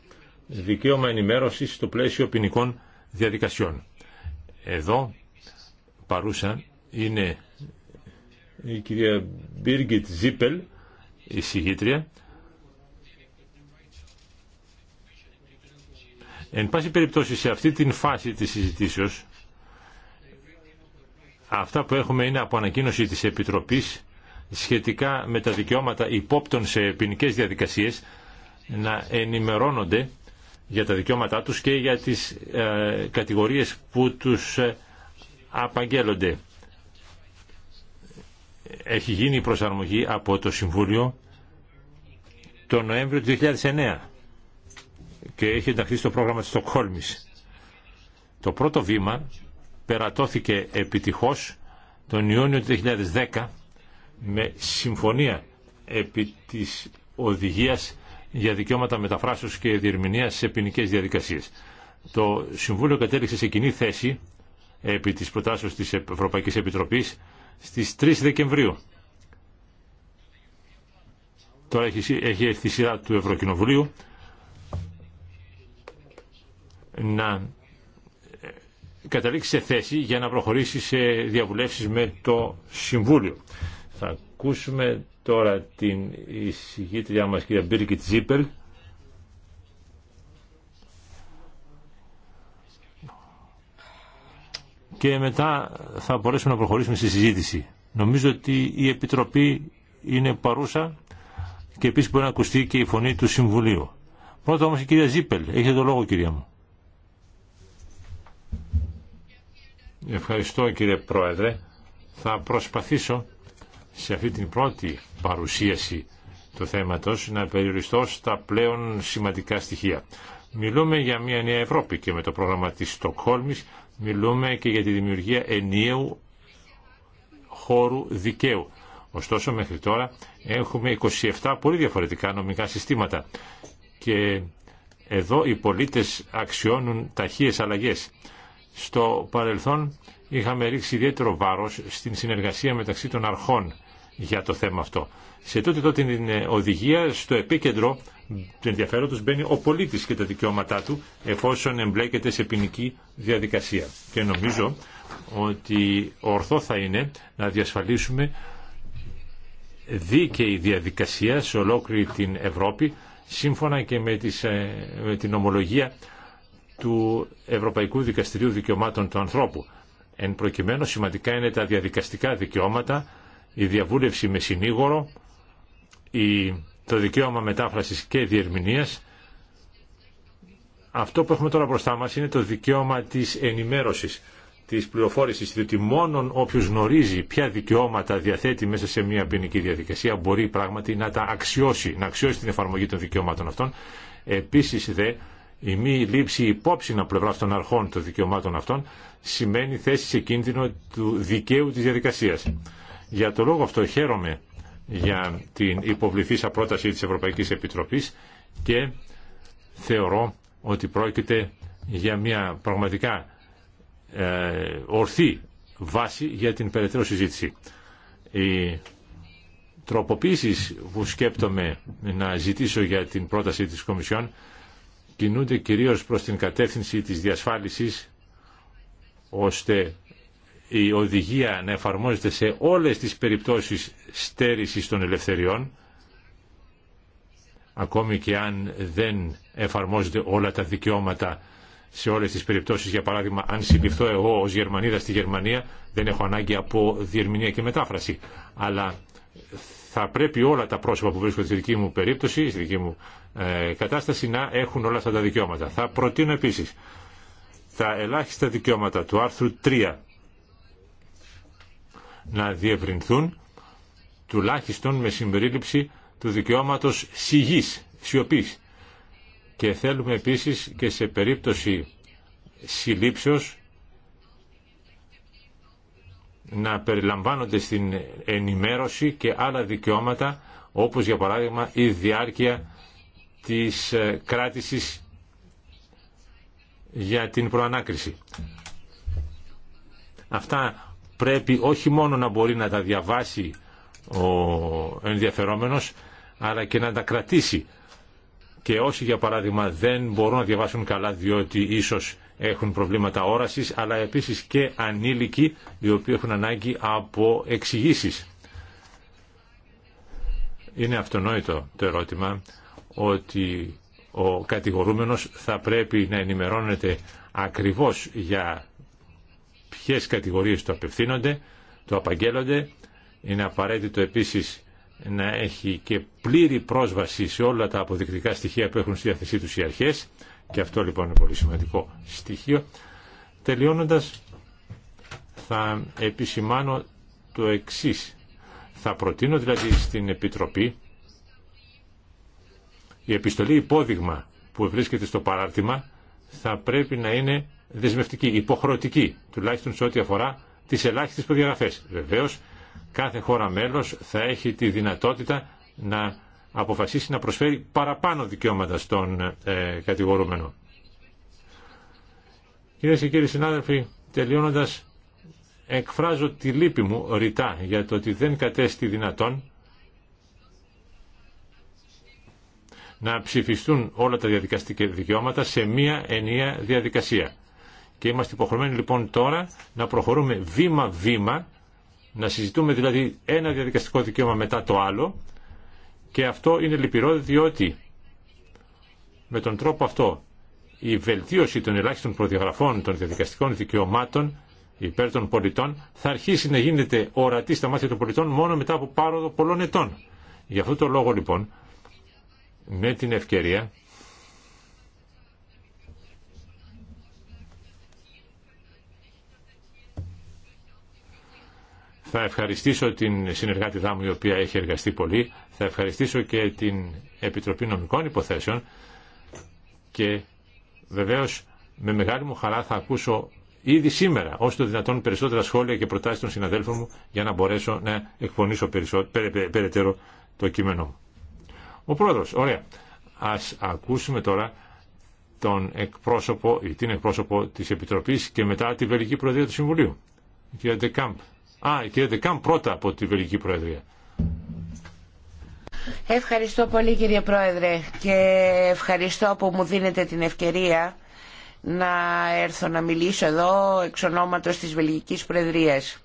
«Δικαίωμα ενημέρωσης στο πλαίσιο ποινικών διαδικασιών. Εδώ παρούσα είναι η κυρία Μπίργκιτ Ζίπελ, η συγγήτρια. Εν πάση περιπτώσει σε αυτή την φάση της συζητήσεως αυτά που έχουμε είναι από ανακοίνωση της Επιτροπής σχετικά με τα δικαιώματα υπόπτων σε ποινικέ διαδικασίες να ενημερώνονται για τα δικαιώματά τους και για τις ε, κατηγορίες που τους ε, απαγγέλλονται. Έχει γίνει η προσαρμογή από το Συμβούλιο το Νοέμβριο του 2009 και έχει ενταχθεί στο πρόγραμμα της Στοκχόλμης. Το πρώτο βήμα περατώθηκε επιτυχώς τον Ιούνιο του 2010 με συμφωνία επί της οδηγίας για δικαιώματα μεταφράσεως και διερμηνία σε ποινικέ διαδικασίες. Το Συμβούλιο κατέληξε σε κοινή θέση επί της προτάσεως της Ευρωπαϊκής Επιτροπής στις 3 Δεκεμβρίου. Τώρα έχει, έχει έρθει η σειρά του Ευρωκοινοβουλίου να ε, καταλήξει σε θέση για να προχωρήσει σε διαβουλεύσεις με το Συμβούλιο. Θα ακούσουμε τώρα την εισηγήτριά μας κυρία Μπίρκιτ Ζίπελ και μετά θα μπορέσουμε να προχωρήσουμε στη συζήτηση. Νομίζω ότι η Επιτροπή είναι παρούσα και επίσης μπορεί να ακουστεί και η φωνή του Συμβουλίου. Πρώτα όμως η κυρία Ζίπελ. Έχετε το λόγο κυρία μου. Ευχαριστώ κύριε Πρόεδρε. Θα προσπαθήσω σε αυτή την πρώτη παρουσίαση του θέματος να περιοριστώ στα πλέον σημαντικά στοιχεία. Μιλούμε για μια νέα Ευρώπη και με το πρόγραμμα της Στοκχόλμης μιλούμε και για τη δημιουργία ενιαίου χώρου δικαίου. Ωστόσο μέχρι τώρα έχουμε 27 πολύ διαφορετικά νομικά συστήματα και εδώ οι πολίτες αξιώνουν ταχείες αλλαγές. Στο παρελθόν είχαμε ρίξει ιδιαίτερο βάρος στην συνεργασία μεταξύ των αρχών για το θέμα αυτό. Σε τότε τότε την ε, οδηγία στο επίκεντρο του ενδιαφέροντος μπαίνει ο πολίτης και τα δικαιώματά του εφόσον εμπλέκεται σε ποινική διαδικασία. Και νομίζω ότι ορθό θα είναι να διασφαλίσουμε δίκαιη διαδικασία σε ολόκληρη την Ευρώπη σύμφωνα και με, τις, ε, με την ομολογία του Ευρωπαϊκού Δικαστηρίου Δικαιωμάτων του Ανθρώπου. Εν προκειμένου σημαντικά είναι τα διαδικαστικά δικαιώματα η διαβούλευση με συνήγορο, η, το δικαίωμα μετάφρασης και διερμηνίας. Αυτό που έχουμε τώρα μπροστά μας είναι το δικαίωμα της ενημέρωσης, της πληροφόρησης, διότι μόνον όποιος γνωρίζει ποια δικαιώματα διαθέτει μέσα σε μια ποινική διαδικασία μπορεί πράγματι να τα αξιώσει, να αξιώσει την εφαρμογή των δικαιωμάτων αυτών. Επίσης δε, η μη λήψη υπόψη από πλευρά των αρχών των δικαιωμάτων αυτών σημαίνει θέση σε κίνδυνο του δικαίου της διαδικασίας. Για το λόγο αυτό χαίρομαι για την υποβληθήσα πρόταση της Ευρωπαϊκής Επιτροπής και θεωρώ ότι πρόκειται για μια πραγματικά ε, ορθή βάση για την περαιτέρω συζήτηση. Οι τροποποίησεις που σκέπτομαι να ζητήσω για την πρόταση της Κομισιόν κινούνται κυρίως προς την κατεύθυνση της διασφάλισης ώστε η οδηγία να εφαρμόζεται σε όλες τις περιπτώσεις στέρησης των ελευθεριών, ακόμη και αν δεν εφαρμόζονται όλα τα δικαιώματα σε όλες τις περιπτώσεις. Για παράδειγμα, αν συλληφθώ εγώ ως Γερμανίδα στη Γερμανία, δεν έχω ανάγκη από διερμηνία και μετάφραση. Αλλά θα πρέπει όλα τα πρόσωπα που βρίσκονται στη δική μου περίπτωση, στη δική μου ε, κατάσταση, να έχουν όλα αυτά τα δικαιώματα. Θα προτείνω επίσης τα ελάχιστα δικαιώματα του άρθρου 3 να διευρυνθούν τουλάχιστον με συμπερίληψη του δικαιώματος σιγής, σιωπής. Και θέλουμε επίσης και σε περίπτωση συλλήψεως να περιλαμβάνονται στην ενημέρωση και άλλα δικαιώματα όπως για παράδειγμα η διάρκεια της ε, κράτησης για την προανάκριση. Αυτά πρέπει όχι μόνο να μπορεί να τα διαβάσει ο ενδιαφερόμενος, αλλά και να τα κρατήσει. Και όσοι για παράδειγμα δεν μπορούν να διαβάσουν καλά διότι ίσως έχουν προβλήματα όρασης, αλλά επίσης και ανήλικοι οι οποίοι έχουν ανάγκη από εξηγήσει. Είναι αυτονόητο το ερώτημα ότι ο κατηγορούμενος θα πρέπει να ενημερώνεται ακριβώς για Ποιε κατηγορίες το απευθύνονται, το απαγγέλλονται. Είναι απαραίτητο επίσης να έχει και πλήρη πρόσβαση σε όλα τα αποδεικτικά στοιχεία που έχουν στη διάθεσή τους οι αρχέ και αυτό λοιπόν είναι πολύ σημαντικό στοιχείο. Τελειώνοντας θα επισημάνω το εξής. Θα προτείνω δηλαδή στην Επιτροπή η επιστολή υπόδειγμα που βρίσκεται στο παράρτημα θα πρέπει να είναι δεσμευτική, υποχρεωτική, τουλάχιστον σε ό,τι αφορά τις ελάχιστες προδιαγραφέ. Βεβαίως, κάθε χώρα μέλο θα έχει τη δυνατότητα να αποφασίσει να προσφέρει παραπάνω δικαιώματα στον ε, κατηγορούμενο. Κυρίε και κύριοι συνάδελφοι, τελειώνοντας, εκφράζω τη λύπη μου ρητά για το ότι δεν κατέστη δυνατόν να ψηφιστούν όλα τα διαδικαστικά δικαιώματα σε μία ενιαία διαδικασία. Και είμαστε υποχρεωμένοι λοιπόν τώρα να προχωρούμε βήμα-βήμα, να συζητούμε δηλαδή ένα διαδικαστικό δικαίωμα μετά το άλλο και αυτό είναι λυπηρό διότι με τον τρόπο αυτό η βελτίωση των ελάχιστων προδιαγραφών των διαδικαστικών δικαιωμάτων υπέρ των πολιτών θα αρχίσει να γίνεται ορατή στα μάτια των πολιτών μόνο μετά από πάροδο πολλών ετών. Γι' αυτό το λόγο λοιπόν με την ευκαιρία Θα ευχαριστήσω την συνεργάτη μου η οποία έχει εργαστεί πολύ. Θα ευχαριστήσω και την Επιτροπή Νομικών Υποθέσεων και βεβαίως με μεγάλη μου χαρά θα ακούσω ήδη σήμερα όσο το δυνατόν περισσότερα σχόλια και προτάσεις των συναδέλφων μου για να μπορέσω να εκπονήσω περαιτέρω το κείμενό μου. Ο πρόεδρος, ωραία. Ας ακούσουμε τώρα τον εκπρόσωπο ή την εκπρόσωπο της Επιτροπής και μετά τη Βελική Προεδρία του Συμβουλίου. Κύριε Α, η κυρία πρώτα από τη Βελγική Προεδρία. Ευχαριστώ πολύ κύριε Πρόεδρε και ευχαριστώ που μου δίνετε την ευκαιρία να έρθω να μιλήσω εδώ εξ ονόματος της Βελγικής Προεδρίας.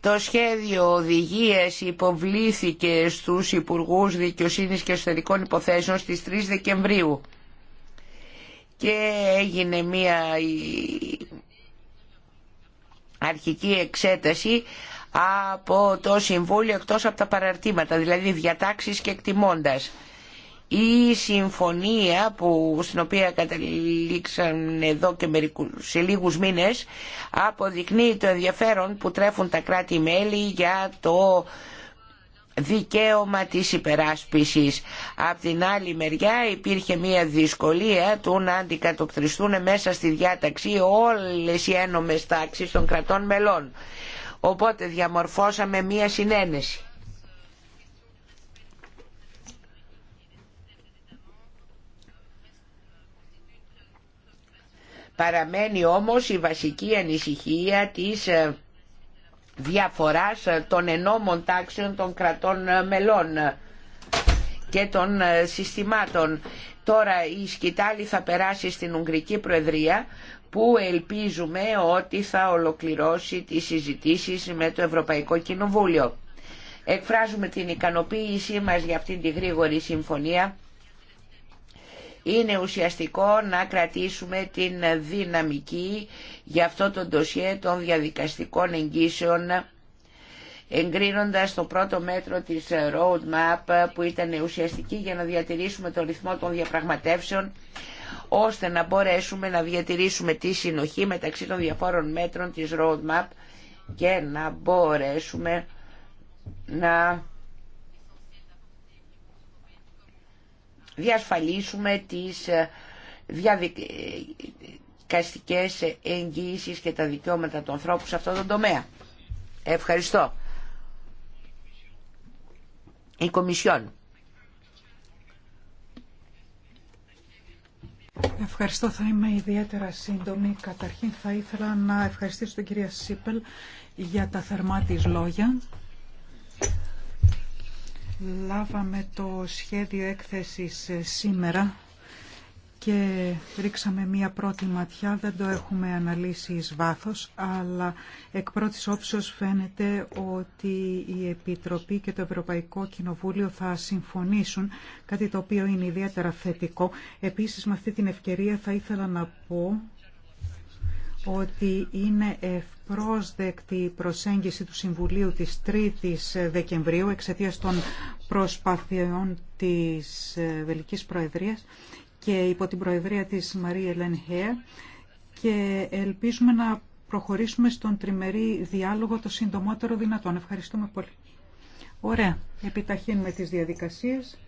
Το σχέδιο οδηγίες υποβλήθηκε στους Υπουργούς Δικαιοσύνης και Εσωτερικών Υποθέσεων στις 3 Δεκεμβρίου και έγινε μία αρχική εξέταση από το Συμβούλιο εκτός από τα παραρτήματα, δηλαδή διατάξεις και εκτιμώντας. Η συμφωνία που, στην οποία καταλήξαν εδώ και μερικού, σε λίγους μήνες αποδεικνύει το ενδιαφέρον που τρέφουν τα κράτη-μέλη για το δικαίωμα της υπεράσπισης. Απ' την άλλη μεριά υπήρχε μια δυσκολία του να αντικατοπτριστούν μέσα στη διάταξη όλες οι ένομες τάξεις των κρατών μελών. Οπότε διαμορφώσαμε μια συνένεση. Παραμένει όμως η βασική ανησυχία της ε, διαφοράς ε, των ενόμων τάξεων των κρατών ε, μελών ε, και των συστημάτων. Τώρα η σκητάλη θα περάσει στην Ουγγρική Προεδρία που ελπίζουμε ότι θα ολοκληρώσει τις συζητήσεις με το Ευρωπαϊκό Κοινοβούλιο. Εκφράζουμε την ικανοποίησή μας για αυτήν τη γρήγορη συμφωνία είναι ουσιαστικό να κρατήσουμε την δυναμική για αυτό το ντοσιέ των διαδικαστικών εγγύσεων εγκρίνοντας το πρώτο μέτρο της roadmap που ήταν ουσιαστική για να διατηρήσουμε τον ρυθμό των διαπραγματεύσεων ώστε να μπορέσουμε να διατηρήσουμε τη συνοχή μεταξύ των διαφόρων μέτρων της roadmap και να μπορέσουμε να διασφαλίσουμε τις ε, διαδικαστικές εγγύησεις και τα δικαιώματα των ανθρώπων σε αυτό τον τομέα. Ευχαριστώ. Η Κομισιόν. Ευχαριστώ, θα είμαι ιδιαίτερα σύντομη. Καταρχήν θα ήθελα να ευχαριστήσω τον κυρία Σίπελ για τα θερμά της λόγια λάβαμε το σχέδιο έκθεσης σήμερα και ρίξαμε μία πρώτη ματιά, δεν το έχουμε αναλύσει εις βάθος, αλλά εκ πρώτης όψεως φαίνεται ότι η Επιτροπή και το Ευρωπαϊκό Κοινοβούλιο θα συμφωνήσουν, κάτι το οποίο είναι ιδιαίτερα θετικό. Επίσης με αυτή την ευκαιρία θα ήθελα να πω ότι είναι ευπρόσδεκτη η προσέγγιση του Συμβουλίου της 3ης Δεκεμβρίου εξαιτίας των προσπαθειών της Βελικής Προεδρίας και υπό την Προεδρία της Μαρία Ελέν Χέα και ελπίζουμε να προχωρήσουμε στον τριμερή διάλογο το συντομότερο δυνατόν. Ευχαριστούμε πολύ. Ωραία. Επιταχύνουμε τις διαδικασίες.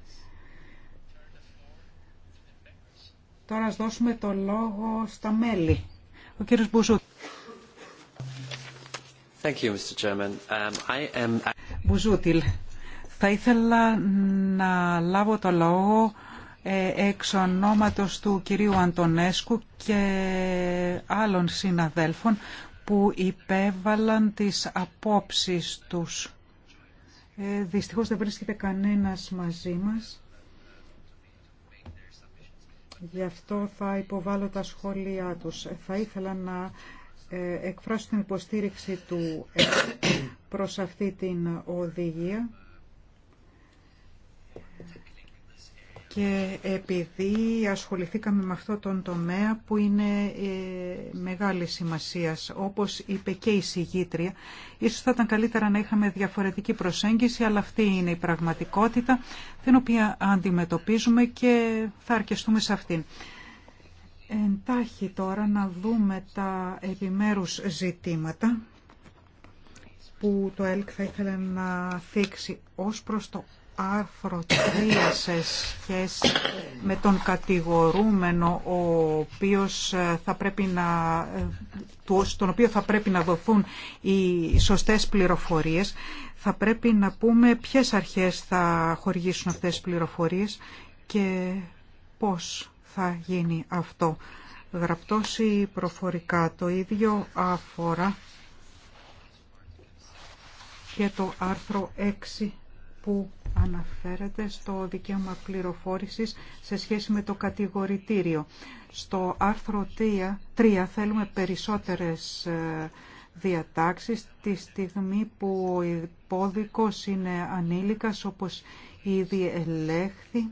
Τώρα ας δώσουμε το λόγο στα μέλη. Ο κύριος um, Μπουζούτιλ. Θα ήθελα να λάβω το λόγο ε, εξ ονόματος του κυρίου Αντωνέσκου και άλλων συναδέλφων που υπέβαλαν τις απόψεις τους. Ε, δυστυχώς δεν βρίσκεται κανένας μαζί μας. Γι' αυτό θα υποβάλω τα σχόλιά τους. Θα ήθελα να ε, εκφράσω την υποστήριξη του ε, προς αυτή την οδηγία και επειδή ασχοληθήκαμε με αυτό τον τομέα που είναι ε, μεγάλη σημασία, όπως είπε και η συγγήτρια, ίσως θα ήταν καλύτερα να είχαμε διαφορετική προσέγγιση, αλλά αυτή είναι η πραγματικότητα την οποία αντιμετωπίζουμε και θα αρκεστούμε σε αυτήν. Εντάχει τώρα να δούμε τα επιμέρους ζητήματα που το ΕΛΚ θα ήθελε να θίξει ως προς το άρθρο 3 σε σχέση με τον κατηγορούμενο ο οποίος ε, θα πρέπει να, ε, στον οποίο θα πρέπει να δοθούν οι σωστές πληροφορίες θα πρέπει να πούμε ποιες αρχές θα χορηγήσουν αυτές τις πληροφορίες και πώς θα γίνει αυτό. Γραπτός προφορικά το ίδιο αφορά και το άρθρο 6 που αναφέρεται στο δικαίωμα πληροφόρησης σε σχέση με το κατηγορητήριο. Στο άρθρο 3, θέλουμε περισσότερες ε, διατάξεις τη στιγμή που ο υπόδικος είναι ανήλικας όπως ήδη ελέγχθη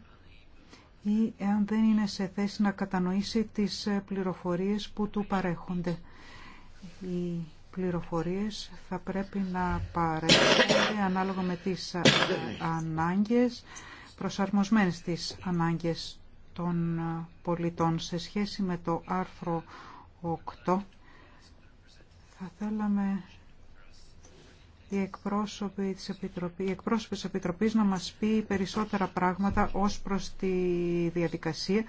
ή εάν δεν είναι σε θέση να κατανοήσει τις ε, πληροφορίες που του παρέχονται πληροφορίες θα πρέπει να παρέχονται ανάλογα με τις ανάγκες, προσαρμοσμένες στις ανάγκες των πολιτών. Σε σχέση με το άρθρο 8, θα θέλαμε οι εκπρόσωποι της Επιτροπής, της Επιτροπής να μας πει περισσότερα πράγματα ως προς τη διαδικασία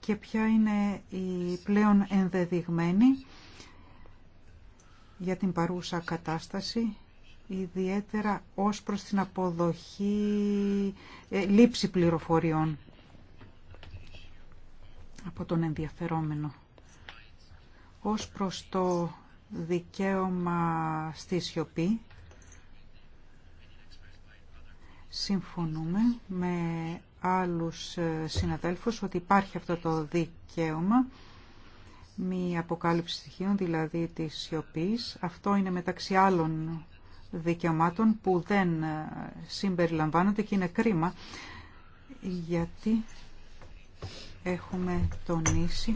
και ποια είναι η πλέον ενδεδειγμένη για την παρούσα κατάσταση, ιδιαίτερα ως προς την αποδοχή ε, λήψη πληροφοριών από τον ενδιαφερόμενο. Ως προς το δικαίωμα στη σιωπή, συμφωνούμε με άλλους ε, συναδέλφους ότι υπάρχει αυτό το δικαίωμα μη αποκάλυψη στοιχείων, δηλαδή της σιωπή. Αυτό είναι μεταξύ άλλων δικαιωμάτων που δεν ε, συμπεριλαμβάνονται και είναι κρίμα γιατί έχουμε τονίσει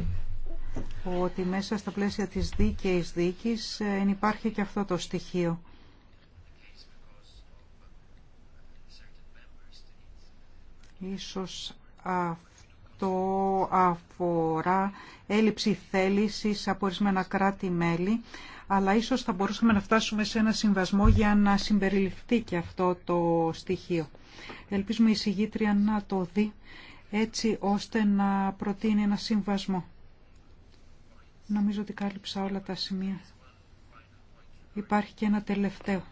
ότι μέσα στα πλαίσια της δίκαιης δίκης ε, υπάρχει και αυτό το στοιχείο. Ίσως αυτό αφορά έλλειψη θέλησης από ορισμένα κράτη-μέλη, αλλά ίσως θα μπορούσαμε να φτάσουμε σε ένα συμβασμό για να συμπεριληφθεί και αυτό το στοιχείο. Ελπίζουμε η συγγήτρια να το δει έτσι ώστε να προτείνει ένα συμβασμό. Νομίζω ότι κάλυψα όλα τα σημεία. Υπάρχει και ένα τελευταίο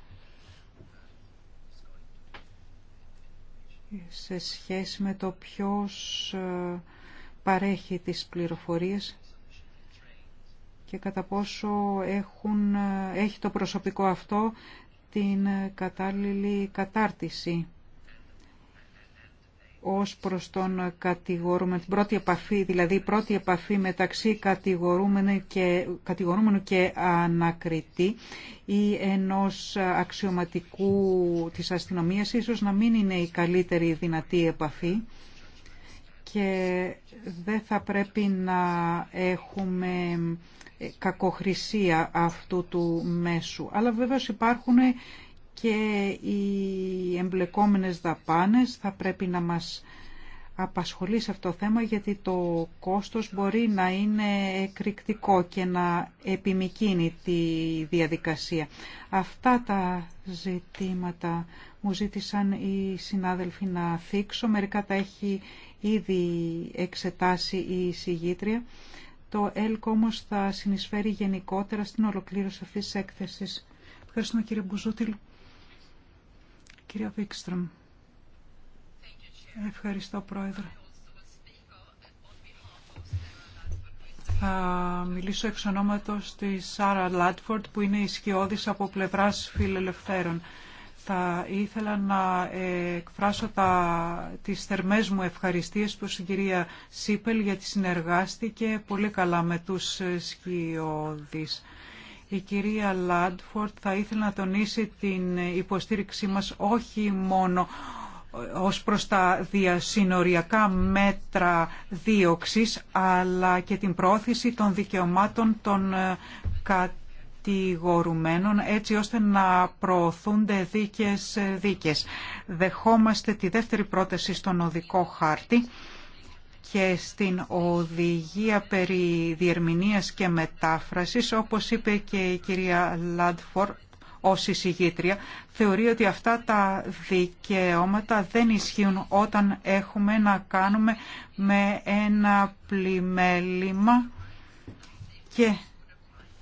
σε σχέση με το ποιος ε, παρέχει τις πληροφορίες και κατά πόσο έχουν, ε, έχει το προσωπικό αυτό την ε, κατάλληλη κατάρτιση ως προς τον κατηγορούμενο, την πρώτη επαφή, δηλαδή η πρώτη επαφή μεταξύ κατηγορούμενου και, κατηγορούμενου και ανακριτή ή ενός αξιωματικού της αστυνομίας, ίσως να μην είναι η καλύτερη δυνατή επαφή και δεν θα πρέπει να έχουμε ε, κακοχρησία αυτού του μέσου. Αλλά βέβαια υπάρχουν και οι εμπλεκόμενες δαπάνες θα πρέπει να μας απασχολεί σε αυτό το θέμα γιατί το κόστος μπορεί να είναι εκρηκτικό και να επιμηκύνει τη διαδικασία. Αυτά τα ζητήματα μου ζήτησαν οι συνάδελφοι να θίξω. Μερικά τα έχει ήδη εξετάσει η συγγήτρια. Το ΕΛΚ όμως θα συνεισφέρει γενικότερα στην ολοκλήρωση αυτής της έκθεσης. Ευχαριστούμε κύριε Κύριε Βίξτρομ. Ευχαριστώ, Πρόεδρε. Θα μιλήσω εξ ονόματος της Σάρα Λάτφορντ που είναι ισχυώδης από πλευράς φιλελευθέρων. Θα ήθελα να εκφράσω τα, τις θερμές μου ευχαριστίες προς την κυρία Σίπελ γιατί συνεργάστηκε πολύ καλά με τους σκιώδεις. Η κυρία Λάντφορτ θα ήθελε να τονίσει την υποστήριξή μας όχι μόνο ως προς τα διασυνοριακά μέτρα δίωξης, αλλά και την πρόθεση των δικαιωμάτων των ε, κατηγορουμένων, έτσι ώστε να προωθούνται δίκες ε, δίκες. Δεχόμαστε τη δεύτερη πρόταση στον οδικό χάρτη και στην οδηγία περί διερμηνίας και μετάφρασης, όπως είπε και η κυρία Λάντφορ ως εισηγήτρια, θεωρεί ότι αυτά τα δικαιώματα δεν ισχύουν όταν έχουμε να κάνουμε με ένα πλημέλημα και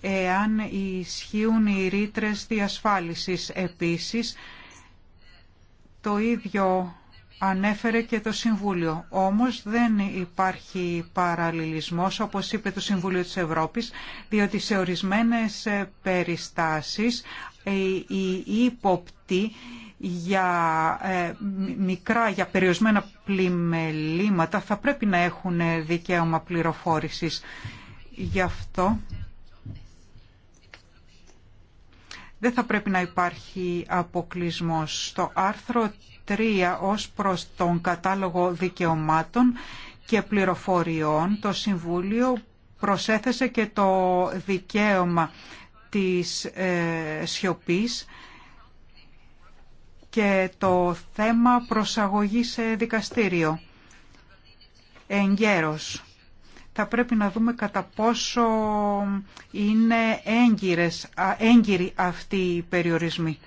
εάν ισχύουν οι ρήτρες διασφάλισης επίσης. Το ίδιο ανέφερε και το Συμβούλιο. Όμως δεν υπάρχει παραλληλισμός, όπως είπε το Συμβούλιο της Ευρώπης, διότι σε ορισμένες περιστάσεις ε, οι ύποπτοι για ε, μικρά, για περιορισμένα πλημελήματα θα πρέπει να έχουν δικαίωμα πληροφόρησης. Γι' αυτό δεν θα πρέπει να υπάρχει αποκλεισμός. Στο άρθρο 3 ως προς τον κατάλογο δικαιωμάτων και πληροφοριών το Συμβούλιο προσέθεσε και το δικαίωμα της ε, και το θέμα προσαγωγή σε δικαστήριο. Εγκαίρος θα πρέπει να δούμε κατά πόσο είναι έγκυρες, έγκυροι αυτοί οι περιορισμοί.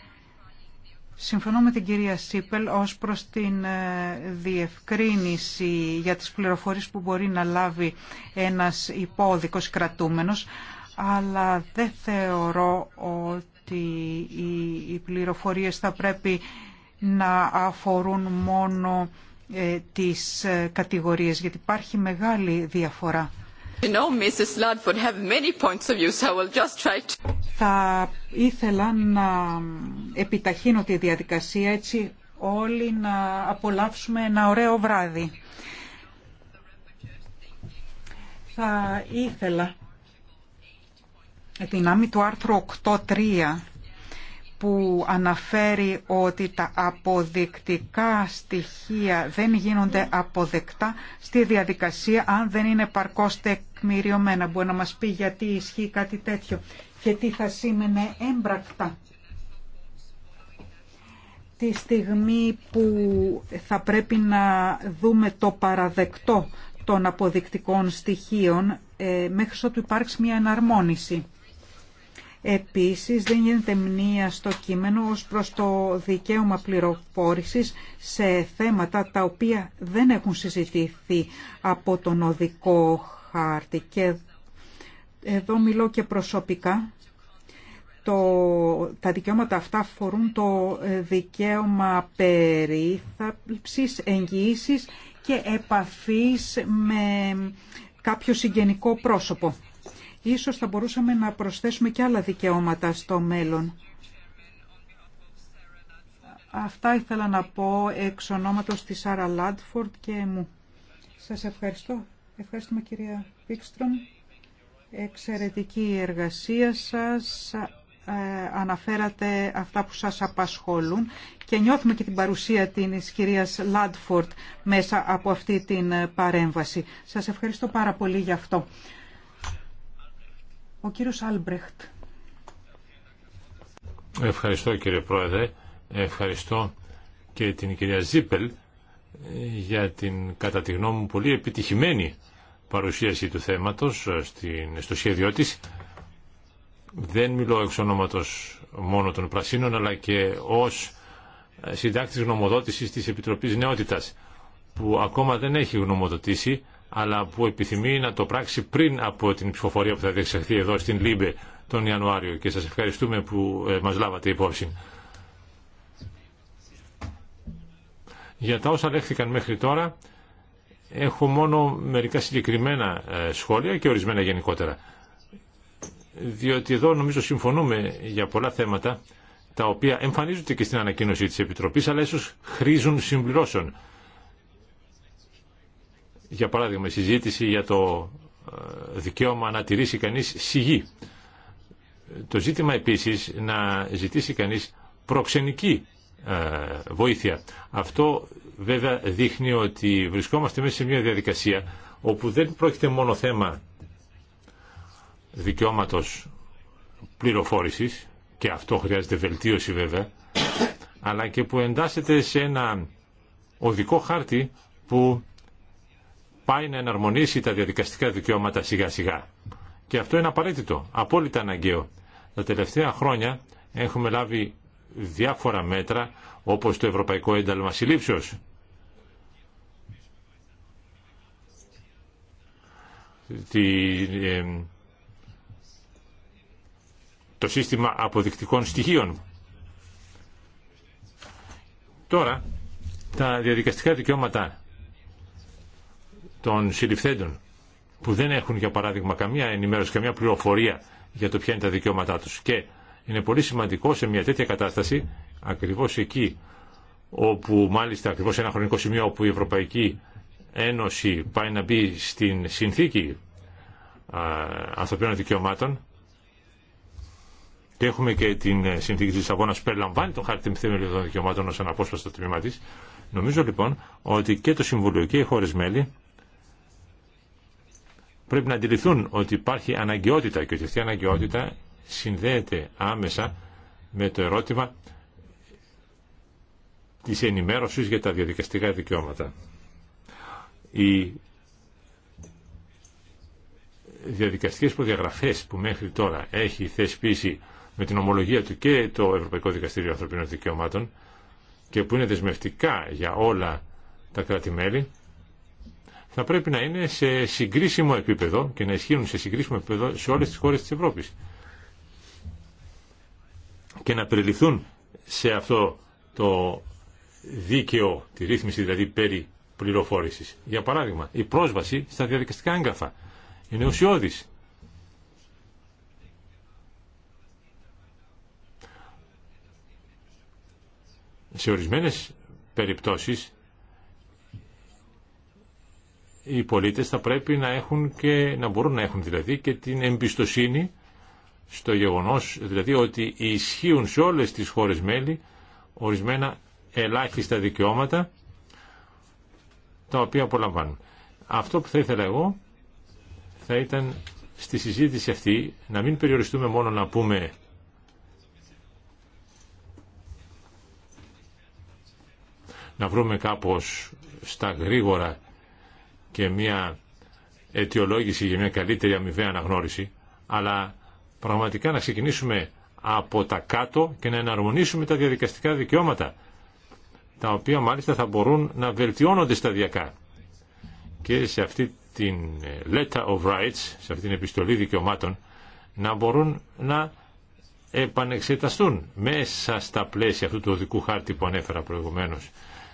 Συμφωνώ με την κυρία Σίπελ ως προς την ε, διευκρίνηση για τις πληροφορίες που μπορεί να λάβει ένας υπόδικος κρατούμενος, αλλά δεν θεωρώ ότι οι πληροφορίες θα πρέπει να αφορούν μόνο ε, τις ε, κατηγορίες, γιατί υπάρχει μεγάλη διαφορά. Θα ήθελα να επιταχύνω τη διαδικασία έτσι όλοι να απολαύσουμε ένα ωραίο βράδυ. Θα ήθελα ε, δυνάμει του άρθρου 8.3 που αναφέρει ότι τα αποδεικτικά στοιχεία δεν γίνονται αποδεκτά στη διαδικασία αν δεν είναι παρκώς τεκμηριωμένα. Μπορεί να μας πει γιατί ισχύει κάτι τέτοιο και τι θα σήμαινε έμπρακτα τη στιγμή που θα πρέπει να δούμε το παραδεκτό των αποδεικτικών στοιχείων ε, μέχρι ότου υπάρξει μια εναρμόνιση. Επίσης δεν γίνεται μνήα στο κείμενο ως προς το δικαίωμα πληροφόρησης σε θέματα τα οποία δεν έχουν συζητηθεί από τον οδικό χάρτη. Και εδώ μιλώ και προσωπικά. Το, τα δικαιώματα αυτά αφορούν το δικαίωμα περίθαψης, εγγύησης και επαφής με κάποιο συγγενικό πρόσωπο. Ίσως θα μπορούσαμε να προσθέσουμε και άλλα δικαιώματα στο μέλλον. Αυτά ήθελα να πω εξ ονόματος της Σάρα Λάντφορντ και μου. Σας ευχαριστώ. Ευχαριστούμε κυρία Πίκστρομ. Εξαιρετική η εργασία σας. Ε, αναφέρατε αυτά που σας απασχολούν και νιώθουμε και την παρουσία της κυρίας Λάντφορντ μέσα από αυτή την παρέμβαση. Σας ευχαριστώ πάρα πολύ γι' αυτό. Ο κύριος Άλμπρεχτ. Ευχαριστώ κύριε Πρόεδρε. Ευχαριστώ και την κυρία Ζίπελ για την κατά τη γνώμη μου πολύ επιτυχημένη παρουσίαση του θέματος ε, στο σχέδιό της. Δεν μιλώ εξ ονόματος μόνο των Πρασίνων αλλά και ως ε, συντάκτης γνωμοδότησης της Επιτροπής Νεότητας που ακόμα δεν έχει γνωμοδοτήσει αλλά που επιθυμεί να το πράξει πριν από την ψηφοφορία που θα διεξαχθεί εδώ στην Λίμπε τον Ιανουάριο και σας ευχαριστούμε που ε, μας λάβατε υπόψη. Για τα όσα λέχθηκαν μέχρι τώρα έχω μόνο μερικά συγκεκριμένα ε, σχόλια και ορισμένα γενικότερα. Διότι εδώ νομίζω συμφωνούμε για πολλά θέματα τα οποία εμφανίζονται και στην ανακοίνωση της Επιτροπής αλλά ίσως χρήζουν συμπληρώσεων. Για παράδειγμα, η συζήτηση για το ε, δικαίωμα να τηρήσει κανείς σιγή. Το ζήτημα επίσης να ζητήσει κανείς προξενική ε, βοήθεια. Αυτό βέβαια δείχνει ότι βρισκόμαστε μέσα σε μια διαδικασία όπου δεν πρόκειται μόνο θέμα δικαιώματος πληροφόρησης και αυτό χρειάζεται βελτίωση βέβαια αλλά και που εντάσσεται σε ένα οδικό χάρτη που πάει να εναρμονίσει τα διαδικαστικά δικαιώματα σιγά σιγά. Και αυτό είναι απαραίτητο, απόλυτα αναγκαίο. Τα τελευταία χρόνια έχουμε λάβει διάφορα μέτρα όπως το Ευρωπαϊκό Ένταλμα Συλλήψεως. το σύστημα αποδεικτικών στοιχείων. Τώρα, τα διαδικαστικά δικαιώματα των συλληφθέντων που δεν έχουν για παράδειγμα καμία ενημέρωση, καμία πληροφορία για το ποια είναι τα δικαιώματά τους. Και είναι πολύ σημαντικό σε μια τέτοια κατάσταση, ακριβώς εκεί όπου μάλιστα ακριβώς ένα χρονικό σημείο όπου η Ευρωπαϊκή Ένωση πάει να μπει στην συνθήκη α, ανθρωπίνων δικαιωμάτων και έχουμε και την συνθήκη της Λισαβόνας που περιλαμβάνει τον χάρτη των δικαιωμάτων ως αναπόσπαστο τμήμα της. Νομίζω λοιπόν ότι και το Συμβουλίο και οι χώρες μέλη πρέπει να αντιληφθούν ότι υπάρχει αναγκαιότητα και ότι αυτή η αναγκαιότητα συνδέεται άμεσα με το ερώτημα της ενημέρωσης για τα διαδικαστικά δικαιώματα. Οι διαδικαστικές προδιαγραφές που μέχρι τώρα έχει θεσπίσει με την ομολογία του και το Ευρωπαϊκό Δικαστήριο Ανθρωπίνων Δικαιωμάτων και που είναι δεσμευτικά για όλα τα κράτη-μέλη θα πρέπει να είναι σε συγκρίσιμο επίπεδο και να ισχύουν σε συγκρίσιμο επίπεδο σε όλες τις χώρες της Ευρώπης και να περιληφθούν σε αυτό το δίκαιο, τη ρύθμιση δηλαδή περί πληροφόρησης. Για παράδειγμα, η πρόσβαση στα διαδικαστικά έγγραφα είναι ουσιώδης. Σε ορισμένες περιπτώσεις οι πολίτες θα πρέπει να, έχουν και, να μπορούν να έχουν δηλαδή και την εμπιστοσύνη στο γεγονός δηλαδή ότι ισχύουν σε όλες τις χώρες μέλη ορισμένα ελάχιστα δικαιώματα τα οποία απολαμβάνουν. Αυτό που θα ήθελα εγώ θα ήταν στη συζήτηση αυτή να μην περιοριστούμε μόνο να πούμε να βρούμε κάπως στα γρήγορα και μια αιτιολόγηση για μια καλύτερη αμοιβαία αναγνώριση, αλλά πραγματικά να ξεκινήσουμε από τα κάτω και να εναρμονίσουμε τα διαδικαστικά δικαιώματα, τα οποία μάλιστα θα μπορούν να βελτιώνονται σταδιακά. Και σε αυτή την ε, Letter of Rights, σε αυτή την επιστολή δικαιωμάτων, να μπορούν να επανεξεταστούν μέσα στα πλαίσια αυτού του οδικού χάρτη που ανέφερα προηγουμένως.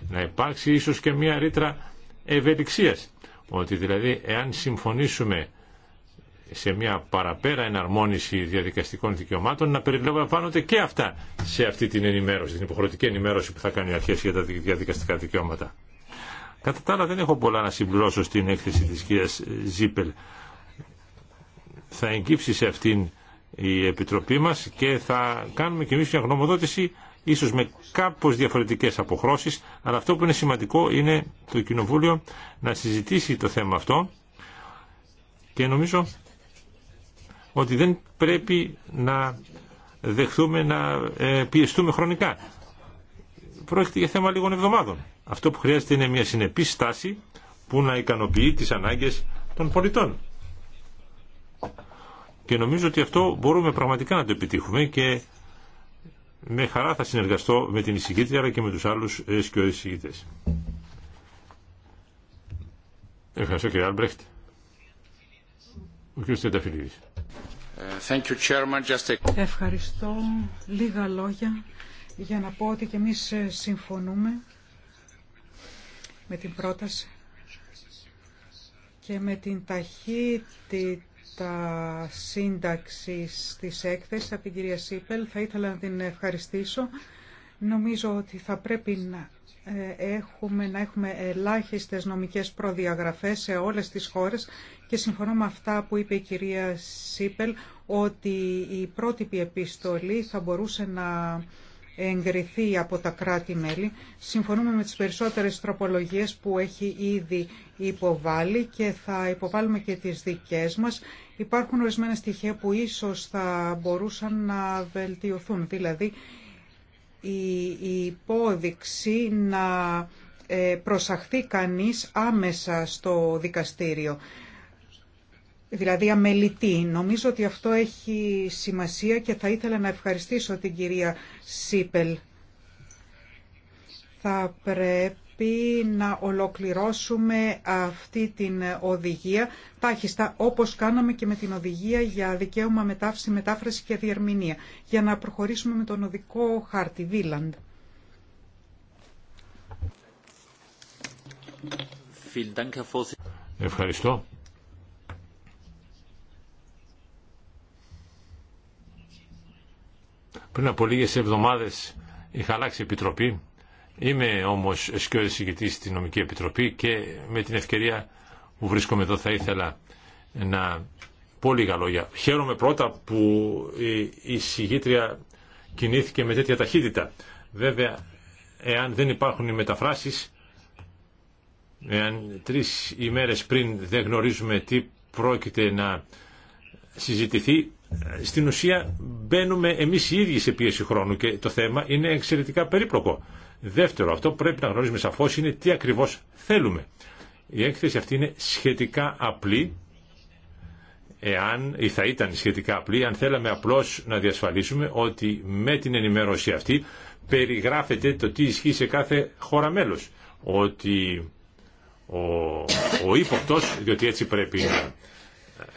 Να υπάρξει ίσως και μια ρήτρα ευελιξίας ότι δηλαδή εάν συμφωνήσουμε σε μια παραπέρα εναρμόνιση διαδικαστικών δικαιωμάτων να περιλαμβάνονται και αυτά σε αυτή την ενημέρωση, την υποχρεωτική ενημέρωση που θα κάνει η αρχές για τα διαδικαστικά δικαιώματα. Κατά τα άλλα δεν έχω πολλά να συμπληρώσω στην έκθεση της κυρίας Ζίπελ. Θα εγκύψει σε αυτήν η Επιτροπή μας και θα κάνουμε και εμείς μια γνωμοδότηση ίσως με κάπως διαφορετικές αποχρώσεις, αλλά αυτό που είναι σημαντικό είναι το Κοινοβούλιο να συζητήσει το θέμα αυτό και νομίζω ότι δεν πρέπει να δεχθούμε να ε, πιεστούμε χρονικά. Πρόκειται για θέμα λίγων εβδομάδων. Αυτό που χρειάζεται είναι μια συνεπή στάση που να ικανοποιεί τις ανάγκες των πολιτών. Και νομίζω ότι αυτό μπορούμε πραγματικά να το επιτύχουμε και με χαρά θα συνεργαστώ με την εισηγήτρια αλλά και με τους άλλους ε, σκιώδεις εισηγητές. Ευχαριστώ κύριε Άλμπρεχτ. Ο κύριος Τενταφυλίδης. Ευχαριστώ. Λίγα λόγια για να πω ότι και εμείς ε, συμφωνούμε με την πρόταση και με την ταχύτητα τα σύνταξης της έκθεσης από την κυρία Σίπελ. Θα ήθελα να την ευχαριστήσω. Νομίζω ότι θα πρέπει να ε, έχουμε, να έχουμε ελάχιστες νομικές προδιαγραφές σε όλες τις χώρες και συμφωνώ με αυτά που είπε η κυρία Σίπελ ότι η πρότυπη επιστολή θα μπορούσε να εγκριθεί από τα κράτη-μέλη. Συμφωνούμε με τις περισσότερες τροπολογίες που έχει ήδη υποβάλει και θα υποβάλουμε και τις δικές μας Υπάρχουν ορισμένα στοιχεία που ίσως θα μπορούσαν να βελτιωθούν, δηλαδή η υπόδειξη να ε, προσαχθεί κανείς άμεσα στο δικαστήριο, δηλαδή αμελητή. Νομίζω ότι αυτό έχει σημασία και θα ήθελα να ευχαριστήσω την κυρία Σίπελ. Θα πρέπει να ολοκληρώσουμε αυτή την οδηγία τάχιστα όπως κάναμε και με την οδηγία για δικαίωμα μετάφραση, μετάφραση και διερμηνία για να προχωρήσουμε με τον οδικό χάρτη Βίλαντ. Ευχαριστώ. Πριν από λίγες εβδομάδες είχα αλλάξει επιτροπή Είμαι όμως σκιώδης συγκεκριτής στην Νομική Επιτροπή και με την ευκαιρία που βρίσκομαι εδώ θα ήθελα να πω λίγα λόγια. Χαίρομαι πρώτα που η συγγήτρια κινήθηκε με τέτοια ταχύτητα. Βέβαια, εάν δεν υπάρχουν οι μεταφράσεις, εάν τρεις ημέρες πριν δεν γνωρίζουμε τι πρόκειται να συζητηθεί, στην ουσία μπαίνουμε εμείς οι ίδιοι σε πίεση χρόνου και το θέμα είναι εξαιρετικά περίπλοκο. Δεύτερο, αυτό που πρέπει να γνωρίζουμε σαφώ είναι τι ακριβώς θέλουμε. Η έκθεση αυτή είναι σχετικά απλή, εάν, ή θα ήταν σχετικά απλή, αν θέλαμε απλώς να διασφαλίσουμε ότι με την ενημέρωση αυτή περιγράφεται το τι ισχύει σε κάθε χώρα μέλος. Ότι ο, ο διότι έτσι πρέπει να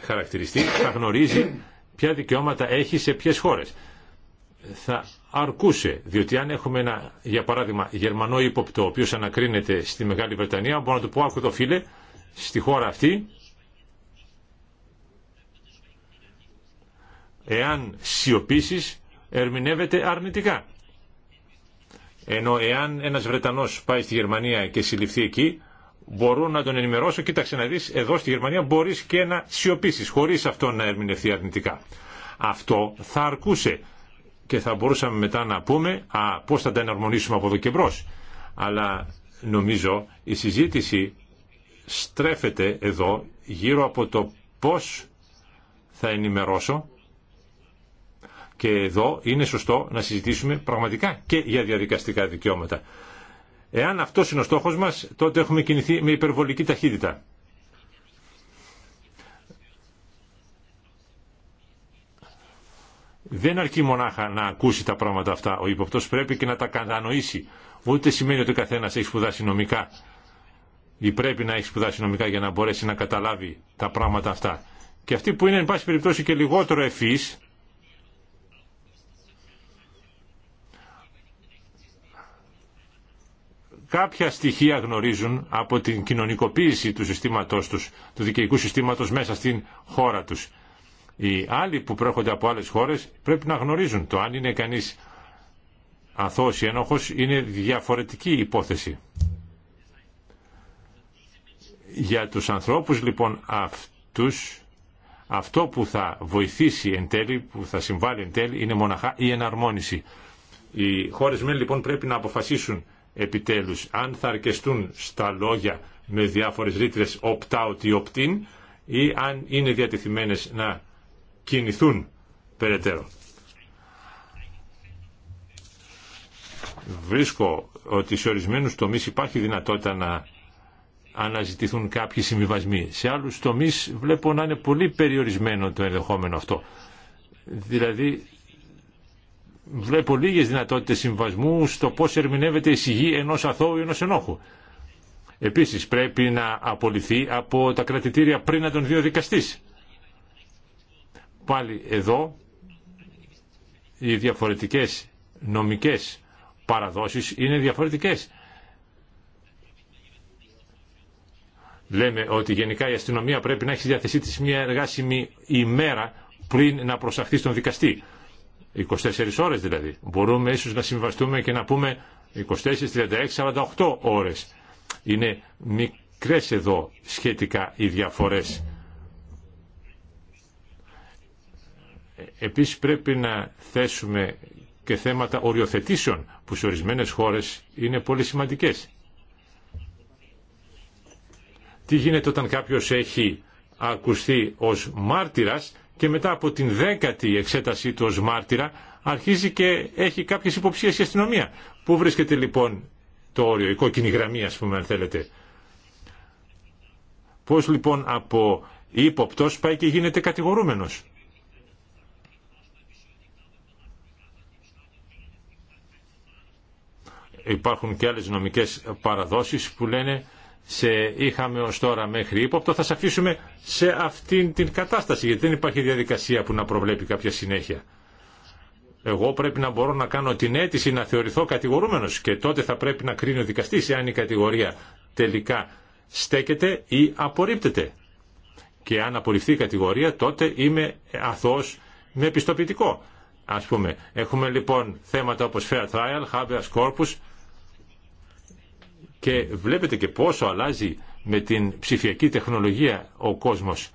χαρακτηριστεί, θα γνωρίζει ποια δικαιώματα έχει σε ποιε χώρε θα αρκούσε. Διότι αν έχουμε ένα, για παράδειγμα, Γερμανό ύποπτο, ο οποίο ανακρίνεται στη Μεγάλη Βρετανία, μπορώ να του πω, άκου το φίλε, στη χώρα αυτή, εάν σιωπήσεις, ερμηνεύεται αρνητικά. Ενώ εάν ένας Βρετανός πάει στη Γερμανία και συλληφθεί εκεί, μπορώ να τον ενημερώσω, κοίταξε να δεις, εδώ στη Γερμανία μπορεί και να σιωπήσεις, χωρί αυτό να ερμηνευθεί αρνητικά. Αυτό θα αρκούσε και θα μπορούσαμε μετά να πούμε α, πώς θα τα εναρμονίσουμε από εδώ και μπρος. Αλλά νομίζω η συζήτηση στρέφεται εδώ γύρω από το πώς θα ενημερώσω και εδώ είναι σωστό να συζητήσουμε πραγματικά και για διαδικαστικά δικαιώματα. Εάν αυτός είναι ο στόχος μας, τότε έχουμε κινηθεί με υπερβολική ταχύτητα. δεν αρκεί μονάχα να ακούσει τα πράγματα αυτά. Ο υποπτό πρέπει και να τα κατανοήσει. Ούτε σημαίνει ότι ο καθένας έχει σπουδάσει νομικά ή πρέπει να έχει σπουδάσει νομικά για να μπορέσει να καταλάβει τα πράγματα αυτά. Και αυτοί που είναι, εν πάση περιπτώσει, και λιγότερο ευφύς, κάποια στοιχεία γνωρίζουν από την κοινωνικοποίηση του συστήματός του δικαιικού συστήματος μέσα στην χώρα τους. Οι άλλοι που προέρχονται από άλλες χώρες πρέπει να γνωρίζουν το αν είναι κανείς αθώος ή ένοχος είναι διαφορετική υπόθεση. Για τους ανθρώπους λοιπόν αυτούς αυτό που θα βοηθήσει εν τέλει, που θα συμβάλλει εν τέλει είναι μοναχά η εναρμόνιση. Οι χώρες μέλη λοιπόν πρέπει να αποφασίσουν επιτέλους αν θα αρκεστούν στα λόγια με διάφορες ρήτρες opt-out ή opt-in ή αν είναι διατεθειμένες να κινηθούν περαιτέρω. Βρίσκω ότι σε ορισμένους τομείς υπάρχει δυνατότητα να αναζητηθούν κάποιοι συμβιβασμοί. Σε άλλους τομείς βλέπω να είναι πολύ περιορισμένο το ενδεχόμενο αυτό. Δηλαδή βλέπω λίγες δυνατότητες συμβασμού στο πώς ερμηνεύεται η σιγή ενός αθώου ή ενός ενόχου. Επίσης πρέπει να απολυθεί από τα κρατητήρια πριν να τον δικαστής. Πάλι εδώ οι διαφορετικές νομικές παραδόσεις είναι διαφορετικές. Λέμε ότι γενικά η αστυνομία πρέπει να έχει στη διάθεσή της μια εργάσιμη ημέρα πριν να προσαχθεί στον δικαστή. 24 ώρες δηλαδή. Μπορούμε ίσως να συμβαστούμε και να πούμε 24, 36, 48 ώρες. Είναι μικρές εδώ σχετικά οι διαφορές. Επίσης πρέπει να θέσουμε και θέματα οριοθετήσεων που σε ορισμένες χώρες είναι πολύ σημαντικές. Τι γίνεται όταν κάποιος έχει ακουστεί ως μάρτυρας και μετά από την δέκατη εξέτασή του ως μάρτυρα αρχίζει και έχει κάποιες υποψίες η αστυνομία. Πού βρίσκεται λοιπόν το όριο, η κόκκινη γραμμή ας πούμε αν θέλετε. Πώς λοιπόν από ύποπτος πάει και γίνεται κατηγορούμενος. υπάρχουν και άλλες νομικές παραδόσεις που λένε σε είχαμε ως τώρα μέχρι ύποπτο θα σε αφήσουμε σε αυτήν την κατάσταση γιατί δεν υπάρχει διαδικασία που να προβλέπει κάποια συνέχεια. Εγώ πρέπει να μπορώ να κάνω την αίτηση να θεωρηθώ κατηγορούμενος και τότε θα πρέπει να κρίνει ο δικαστής εάν η κατηγορία τελικά στέκεται ή απορρίπτεται. Και αν απορριφθεί η κατηγορία τότε είμαι αθώος με πιστοποιητικό. Ας πούμε. Έχουμε λοιπόν θέματα όπως fair trial, habeas corpus, και βλέπετε και πόσο αλλάζει με την ψηφιακή τεχνολογία ο κόσμος.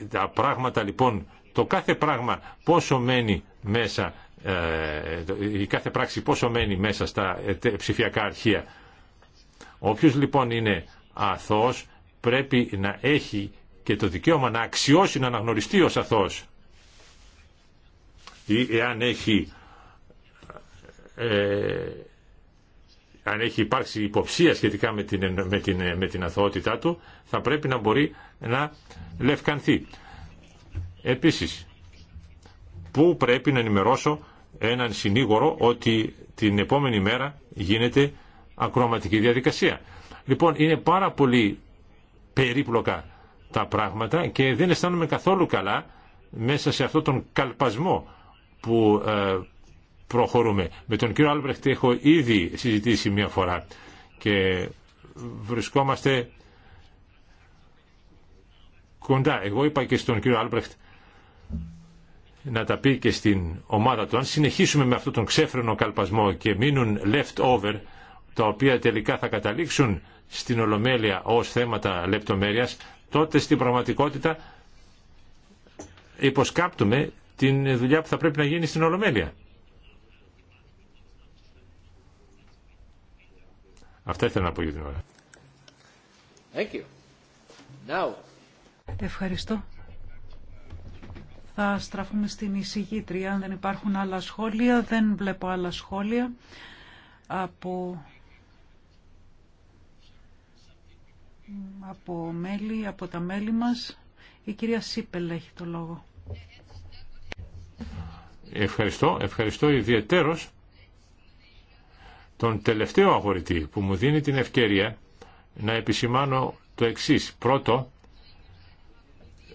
Ε, τα πράγματα λοιπόν, το κάθε πράγμα πόσο μένει μέσα, ε, η κάθε πράξη πόσο μένει μέσα στα ε, ψηφιακά αρχεία. Όποιος λοιπόν είναι αθώος πρέπει να έχει και το δικαίωμα να αξιώσει να αναγνωριστεί ως αθώος. Ή εάν έχει αν έχει υπάρξει υποψία σχετικά με την, με την, ε, με την αθωότητά του, θα πρέπει να μπορεί να λευκανθεί. Επίσης, πού πρέπει να ενημερώσω έναν συνήγορο ότι την επόμενη μέρα γίνεται ακροματική διαδικασία. Λοιπόν, είναι πάρα πολύ περίπλοκα τα πράγματα και δεν αισθάνομαι καθόλου καλά μέσα σε αυτόν τον καλπασμό που ε, προχωρούμε. Με τον κύριο Άλμπρεχτ έχω ήδη συζητήσει μία φορά και βρισκόμαστε κοντά. Εγώ είπα και στον κύριο Άλμπρεχτ να τα πει και στην ομάδα του. Αν συνεχίσουμε με αυτόν τον ξέφρενο καλπασμό και μείνουν left over, τα οποία τελικά θα καταλήξουν στην Ολομέλεια ως θέματα λεπτομέρειας, τότε στην πραγματικότητα υποσκάπτουμε την δουλειά που θα πρέπει να γίνει στην Ολομέλεια. Αυτά ήθελα να πω για την ώρα. Ευχαριστώ. Θα στραφούμε στην εισηγήτρια. Αν δεν υπάρχουν άλλα σχόλια, δεν βλέπω άλλα σχόλια από, από μέλη, από τα μέλη μας. Η κυρία Σίπελ έχει το λόγο. Ευχαριστώ, ευχαριστώ ιδιαίτερος τον τελευταίο αγορητή που μου δίνει την ευκαιρία να επισημάνω το εξής. Πρώτο,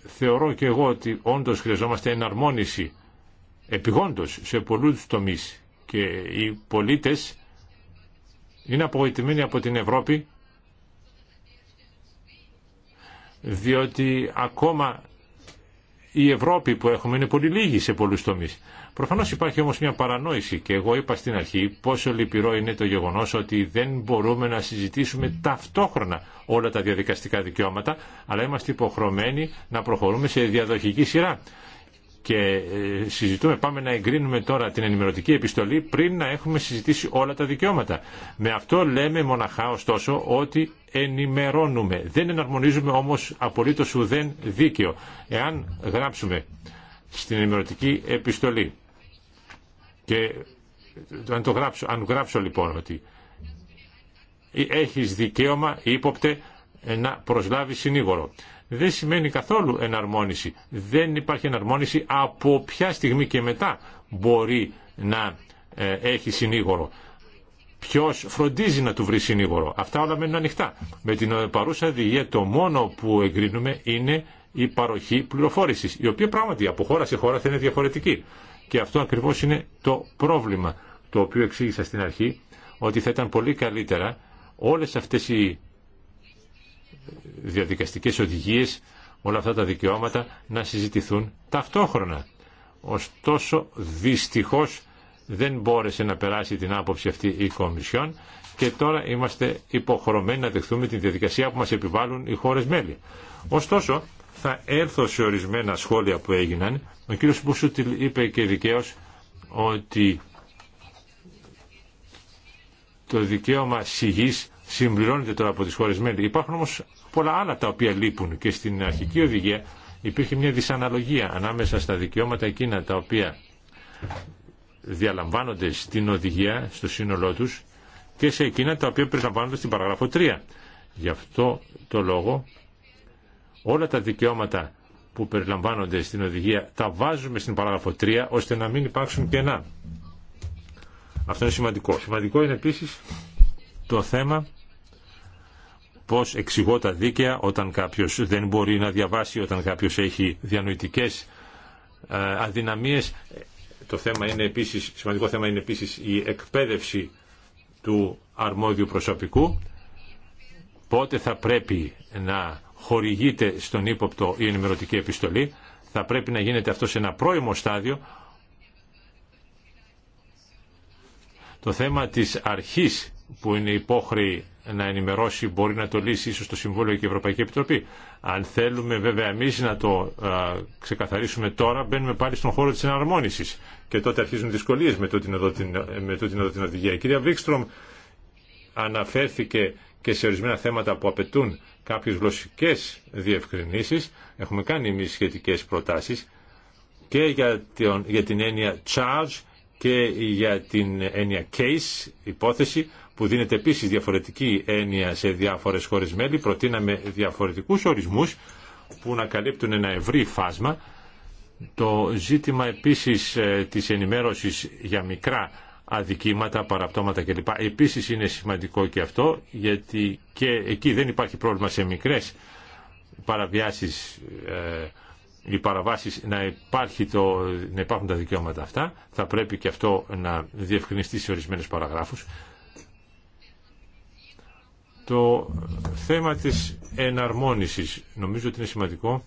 θεωρώ και εγώ ότι όντως χρειαζόμαστε εναρμόνιση επιγόντως σε πολλούς τομείς και οι πολίτες είναι απογοητημένοι από την Ευρώπη διότι ακόμα η Ευρώπη που έχουμε είναι πολύ λίγη σε πολλούς τομείς. Προφανώς υπάρχει όμως μια παρανόηση και εγώ είπα στην αρχή πόσο λυπηρό είναι το γεγονός ότι δεν μπορούμε να συζητήσουμε ταυτόχρονα όλα τα διαδικαστικά δικαιώματα αλλά είμαστε υποχρεωμένοι να προχωρούμε σε διαδοχική σειρά. Και ε, συζητούμε, πάμε να εγκρίνουμε τώρα την ενημερωτική επιστολή πριν να έχουμε συζητήσει όλα τα δικαιώματα. Με αυτό λέμε μοναχά ωστόσο ότι ενημερώνουμε. Δεν εναρμονίζουμε όμως απολύτως ουδέν δίκαιο. Εάν γράψουμε στην ενημερωτική επιστολή. Και αν, το γράψω, αν γράψω λοιπόν ότι έχεις δικαίωμα ύποπτε να προσλάβει συνήγορο. Δεν σημαίνει καθόλου εναρμόνιση. Δεν υπάρχει εναρμόνιση από ποια στιγμή και μετά μπορεί να ε, έχει συνήγορο. Ποιο φροντίζει να του βρει συνήγορο. Αυτά όλα μένουν ανοιχτά. Με την παρούσα διηγεία το μόνο που εγκρίνουμε είναι η παροχή πληροφόρηση, η οποία πράγματι από χώρα σε χώρα θα είναι διαφορετική. Και αυτό ακριβώς είναι το πρόβλημα, το οποίο εξήγησα στην αρχή, ότι θα ήταν πολύ καλύτερα όλες αυτές οι διαδικαστικές οδηγίες, όλα αυτά τα δικαιώματα να συζητηθούν ταυτόχρονα. Ωστόσο, δυστυχώ δεν μπόρεσε να περάσει την άποψη αυτή η Κομισιόν και τώρα είμαστε υποχρεωμένοι να δεχθούμε την διαδικασία που μας επιβάλλουν οι χώρες μέλη. Ωστόσο, θα έρθω σε ορισμένα σχόλια που έγιναν. Ο κύριος Μπούσουτιλ είπε και δικαίως ότι το δικαίωμα σιγής συμπληρώνεται τώρα από τις χώρες μέλη. Υπάρχουν όμως πολλά άλλα τα οποία λείπουν και στην αρχική οδηγία υπήρχε μια δυσαναλογία ανάμεσα στα δικαιώματα εκείνα τα οποία διαλαμβάνονται στην οδηγία, στο σύνολό τους και σε εκείνα τα οποία περιλαμβάνονται στην παραγράφο 3. Γι' αυτό το λόγο όλα τα δικαιώματα που περιλαμβάνονται στην οδηγία τα βάζουμε στην παράγραφο 3 ώστε να μην υπάρξουν κενά. Αυτό είναι σημαντικό. Σημαντικό είναι επίσης το θέμα πώς εξηγώ τα δίκαια όταν κάποιος δεν μπορεί να διαβάσει, όταν κάποιος έχει διανοητικές ε, αδυναμίες. Το θέμα είναι επίσης, σημαντικό θέμα είναι επίσης η εκπαίδευση του αρμόδιου προσωπικού. Πότε θα πρέπει να χορηγείται στον ύποπτο η ενημερωτική επιστολή. Θα πρέπει να γίνεται αυτό σε ένα πρώιμο στάδιο. Το θέμα της αρχής που είναι υπόχρεη να ενημερώσει μπορεί να το λύσει ίσως το Συμβούλιο και η Ευρωπαϊκή Επιτροπή. Αν θέλουμε βέβαια εμείς να το ξεκαθαρίσουμε τώρα, μπαίνουμε πάλι στον χώρο της εναρμόνισης. Και τότε αρχίζουν δυσκολίες με τούτην εδώ την, με τούτην εδώ την οδηγία. Η κυρία Βίξτρομ αναφέρθηκε και σε ορισμένα θέματα που απαιτούν κάποιες γλωσσικές διευκρινήσεις. Έχουμε κάνει εμείς σχετικές προτάσεις και για, την έννοια charge και για την έννοια case, υπόθεση, που δίνεται επίσης διαφορετική έννοια σε διάφορες χώρες μέλη. Προτείναμε διαφορετικούς ορισμούς που να καλύπτουν ένα ευρύ φάσμα. Το ζήτημα επίσης ε, της ενημέρωσης για μικρά αδικήματα, παραπτώματα κλπ. Επίσης είναι σημαντικό και αυτό γιατί και εκεί δεν υπάρχει πρόβλημα σε μικρές παραβιάσεις ε, ή παραβάσεις να, υπάρχει το, να υπάρχουν τα δικαιώματα αυτά. Θα πρέπει και αυτό να διευκρινιστεί σε ορισμένες παραγράφους. Το θέμα της εναρμόνισης νομίζω ότι είναι σημαντικό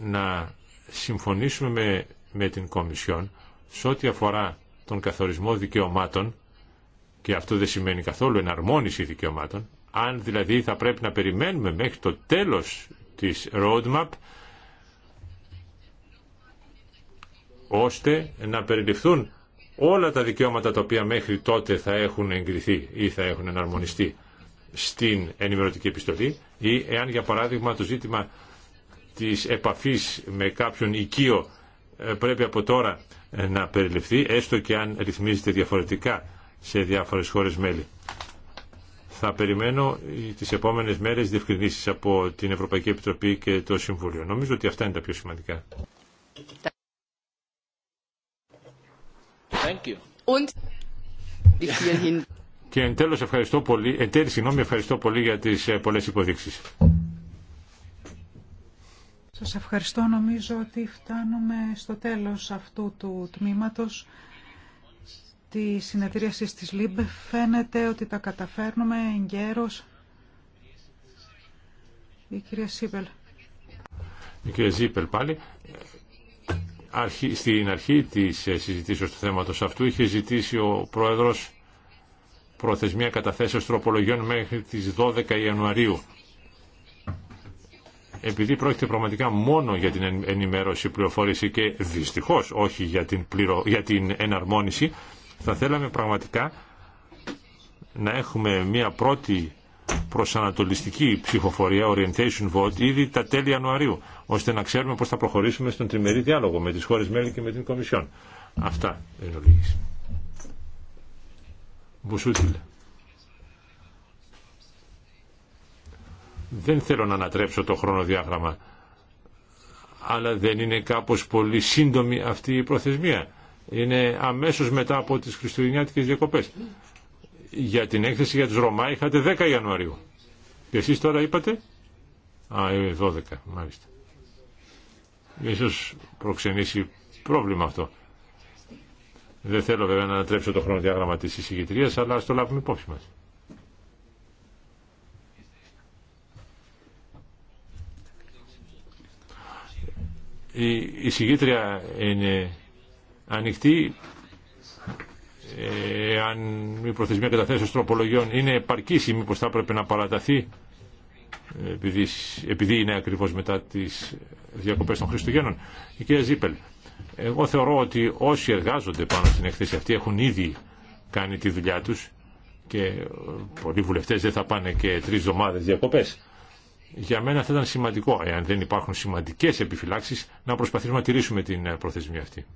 να συμφωνήσουμε με, με την Κομισιόν σε ό,τι αφορά τον καθορισμό δικαιωμάτων, και αυτό δεν σημαίνει καθόλου εναρμόνιση δικαιωμάτων, αν δηλαδή θα πρέπει να περιμένουμε μέχρι το τέλος της roadmap, ώστε να περιληφθούν όλα τα δικαιώματα τα οποία μέχρι τότε θα έχουν εγκριθεί ή θα έχουν εναρμονιστεί στην ενημερωτική επιστολή ή εάν για παράδειγμα το ζήτημα της επαφής με κάποιον οικείο ε, πρέπει από τώρα να περιληφθεί, έστω και αν ρυθμίζεται διαφορετικά σε διάφορες χώρες μέλη. Θα περιμένω τις επόμενες μέρες διευκρινήσεις από την Ευρωπαϊκή Επιτροπή και το Συμβούλιο. Νομίζω ότι αυτά είναι τα πιο σημαντικά. Thank you. Και εν τέλος ευχαριστώ πολύ, εν τέλει συγγνώμη ευχαριστώ πολύ για τις ε, πολλές υποδείξεις. Σας ευχαριστώ. Νομίζω ότι φτάνουμε στο τέλος αυτού του τμήματος τη συνεδρίαση της ΛΥΜΠ. Φαίνεται ότι τα καταφέρνουμε εγκαίρως. Η κυρία Σίπελ. Η κυρία Σίπελ πάλι. στην αρχή της συζητήσεως του θέματος αυτού είχε ζητήσει ο Πρόεδρος προθεσμία καταθέσεως τροπολογιών μέχρι τις 12 Ιανουαρίου επειδή πρόκειται πραγματικά μόνο για την ενημέρωση, πληροφόρηση και δυστυχώς όχι για την, πληρο... για την εναρμόνιση, θα θέλαμε πραγματικά να έχουμε μια πρώτη προσανατολιστική ψηφοφορία, orientation vote, ήδη τα τέλη Ιανουαρίου, ώστε να ξέρουμε πώς θα προχωρήσουμε στον τριμερή διάλογο με τις χώρες μέλη και με την Κομισιόν. Αυτά εν Δεν θέλω να ανατρέψω το χρονοδιάγραμμα, αλλά δεν είναι κάπως πολύ σύντομη αυτή η προθεσμία. Είναι αμέσως μετά από τις χριστουγεννιάτικες διακοπές. Για την έκθεση για τους Ρωμά είχατε 10 Ιανουαρίου. Και εσείς τώρα είπατε... Α, 12, ε, μάλιστα. Ίσως προξενήσει πρόβλημα αυτό. Δεν θέλω βέβαια να ανατρέψω το χρονοδιάγραμμα της εισηγητρίας, αλλά ας το λάβουμε υπόψη μας. Η συγκήτρια είναι ανοιχτή. Ε, αν η προθεσμία καταθέσεως τροπολογιών είναι επαρκής ή μήπως θα έπρεπε να παραταθεί επειδή, επειδή είναι ακριβώς μετά τις διακοπές των Χριστουγέννων. Η κυρία Ζήπελ, εγώ θεωρώ ότι όσοι εργάζονται πάνω στην εκθέση αυτή έχουν ήδη κάνει τη δουλειά τους και πολλοί βουλευτές δεν θα πάνε και τρεις εβδομάδες διακοπές για μένα θα ήταν σημαντικό, εάν δεν υπάρχουν σημαντικές επιφυλάξει να προσπαθήσουμε να τηρήσουμε την ε, προθεσμία αυτή.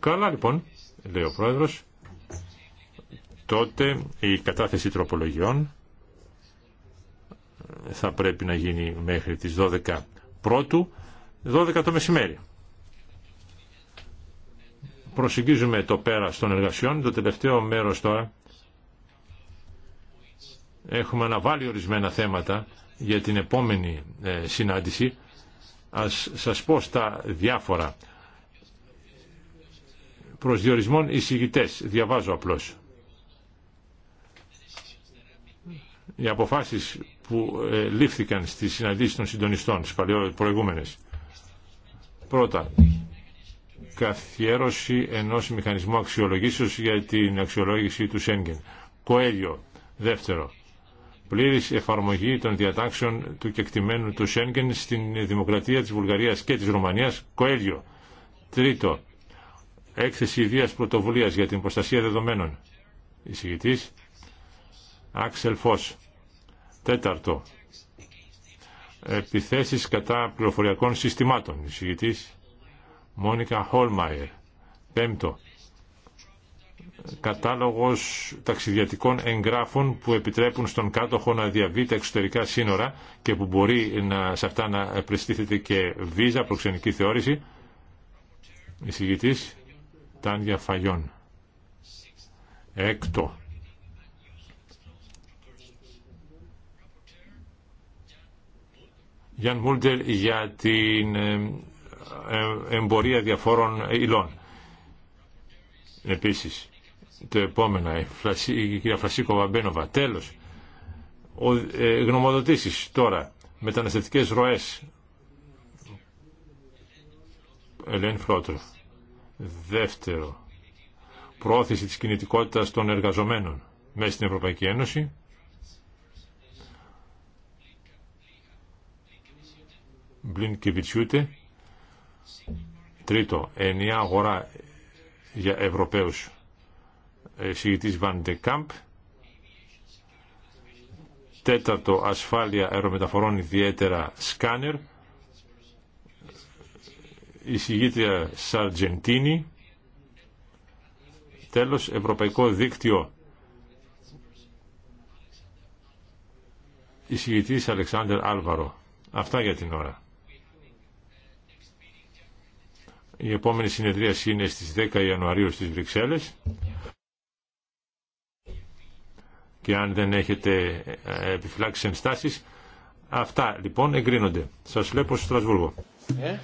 Καλά λοιπόν, λέει ο Πρόεδρος, τότε η κατάθεση τροπολογιών ε, θα πρέπει να γίνει μέχρι τις 12 πρώτου, 12 το μεσημέρι. Προσεγγίζουμε το πέρα των εργασιών, το τελευταίο μέρος τώρα Έχουμε αναβάλει ορισμένα θέματα για την επόμενη ε, συνάντηση. Ας σας πω στα διάφορα προσδιορισμών εισηγητές. Διαβάζω απλώς. Οι αποφάσεις που ε, λήφθηκαν στις συναντήσεις των συντονιστών, στις προηγούμενες. Πρώτα, καθιέρωση ενός μηχανισμού αξιολογήσεως για την αξιολόγηση του Σέγγεν. Κοέλιο, δεύτερο πλήρης εφαρμογή των διατάξεων του κεκτημένου του Σέγγεν στην Δημοκρατία της Βουλγαρίας και της Ρουμανίας, Κοέλιο. Τρίτο, έκθεση ιδίας πρωτοβουλίας για την προστασία δεδομένων. Εισηγητής, Άξελ Φως. Τέταρτο, επιθέσεις κατά πληροφοριακών συστημάτων. Εισηγητής, Μόνικα Χόλμαϊρ. Πέμπτο, κατάλογος ταξιδιωτικών εγγράφων που επιτρέπουν στον κάτοχο να διαβεί τα εξωτερικά σύνορα και που μπορεί να, σε αυτά να πρεστήθεται και βίζα, προξενική θεώρηση. Εισηγητής Τάνια Φαγιόν. Έκτο. Γιάν Μούλτερ για την ε, ε, εμπορία διαφόρων υλών. Επίσης, το επόμενο, η κυρία Φρασίκο Βαμπένοβα. Τέλο, ο, ε, γνωμοδοτήσεις τώρα, μεταναστευτικέ ροές. Ελένη Φρότρο. Δεύτερο, πρόθεση της κινητικότητας των εργαζομένων μέσα στην Ευρωπαϊκή Ένωση. βιτσιούτε Τρίτο, ενιαία αγορά για Ευρωπαίους συγητής Βαντεκάμπ. Τέταρτο, ασφάλεια αερομεταφορών ιδιαίτερα σκάνερ. Η συγήτρια Σαρτζεντίνη. Τέλος, Ευρωπαϊκό Δίκτυο. Η συγητής Αλεξάνδερ Άλβαρο. Αυτά για την ώρα. Η επόμενη συνεδρίαση είναι στις 10 Ιανουαρίου στις Βρυξέλλες και αν δεν έχετε ε, επιφυλάξει ενστάσεις. Αυτά λοιπόν εγκρίνονται. Σας λέω στο Στρασβούργο. Ε?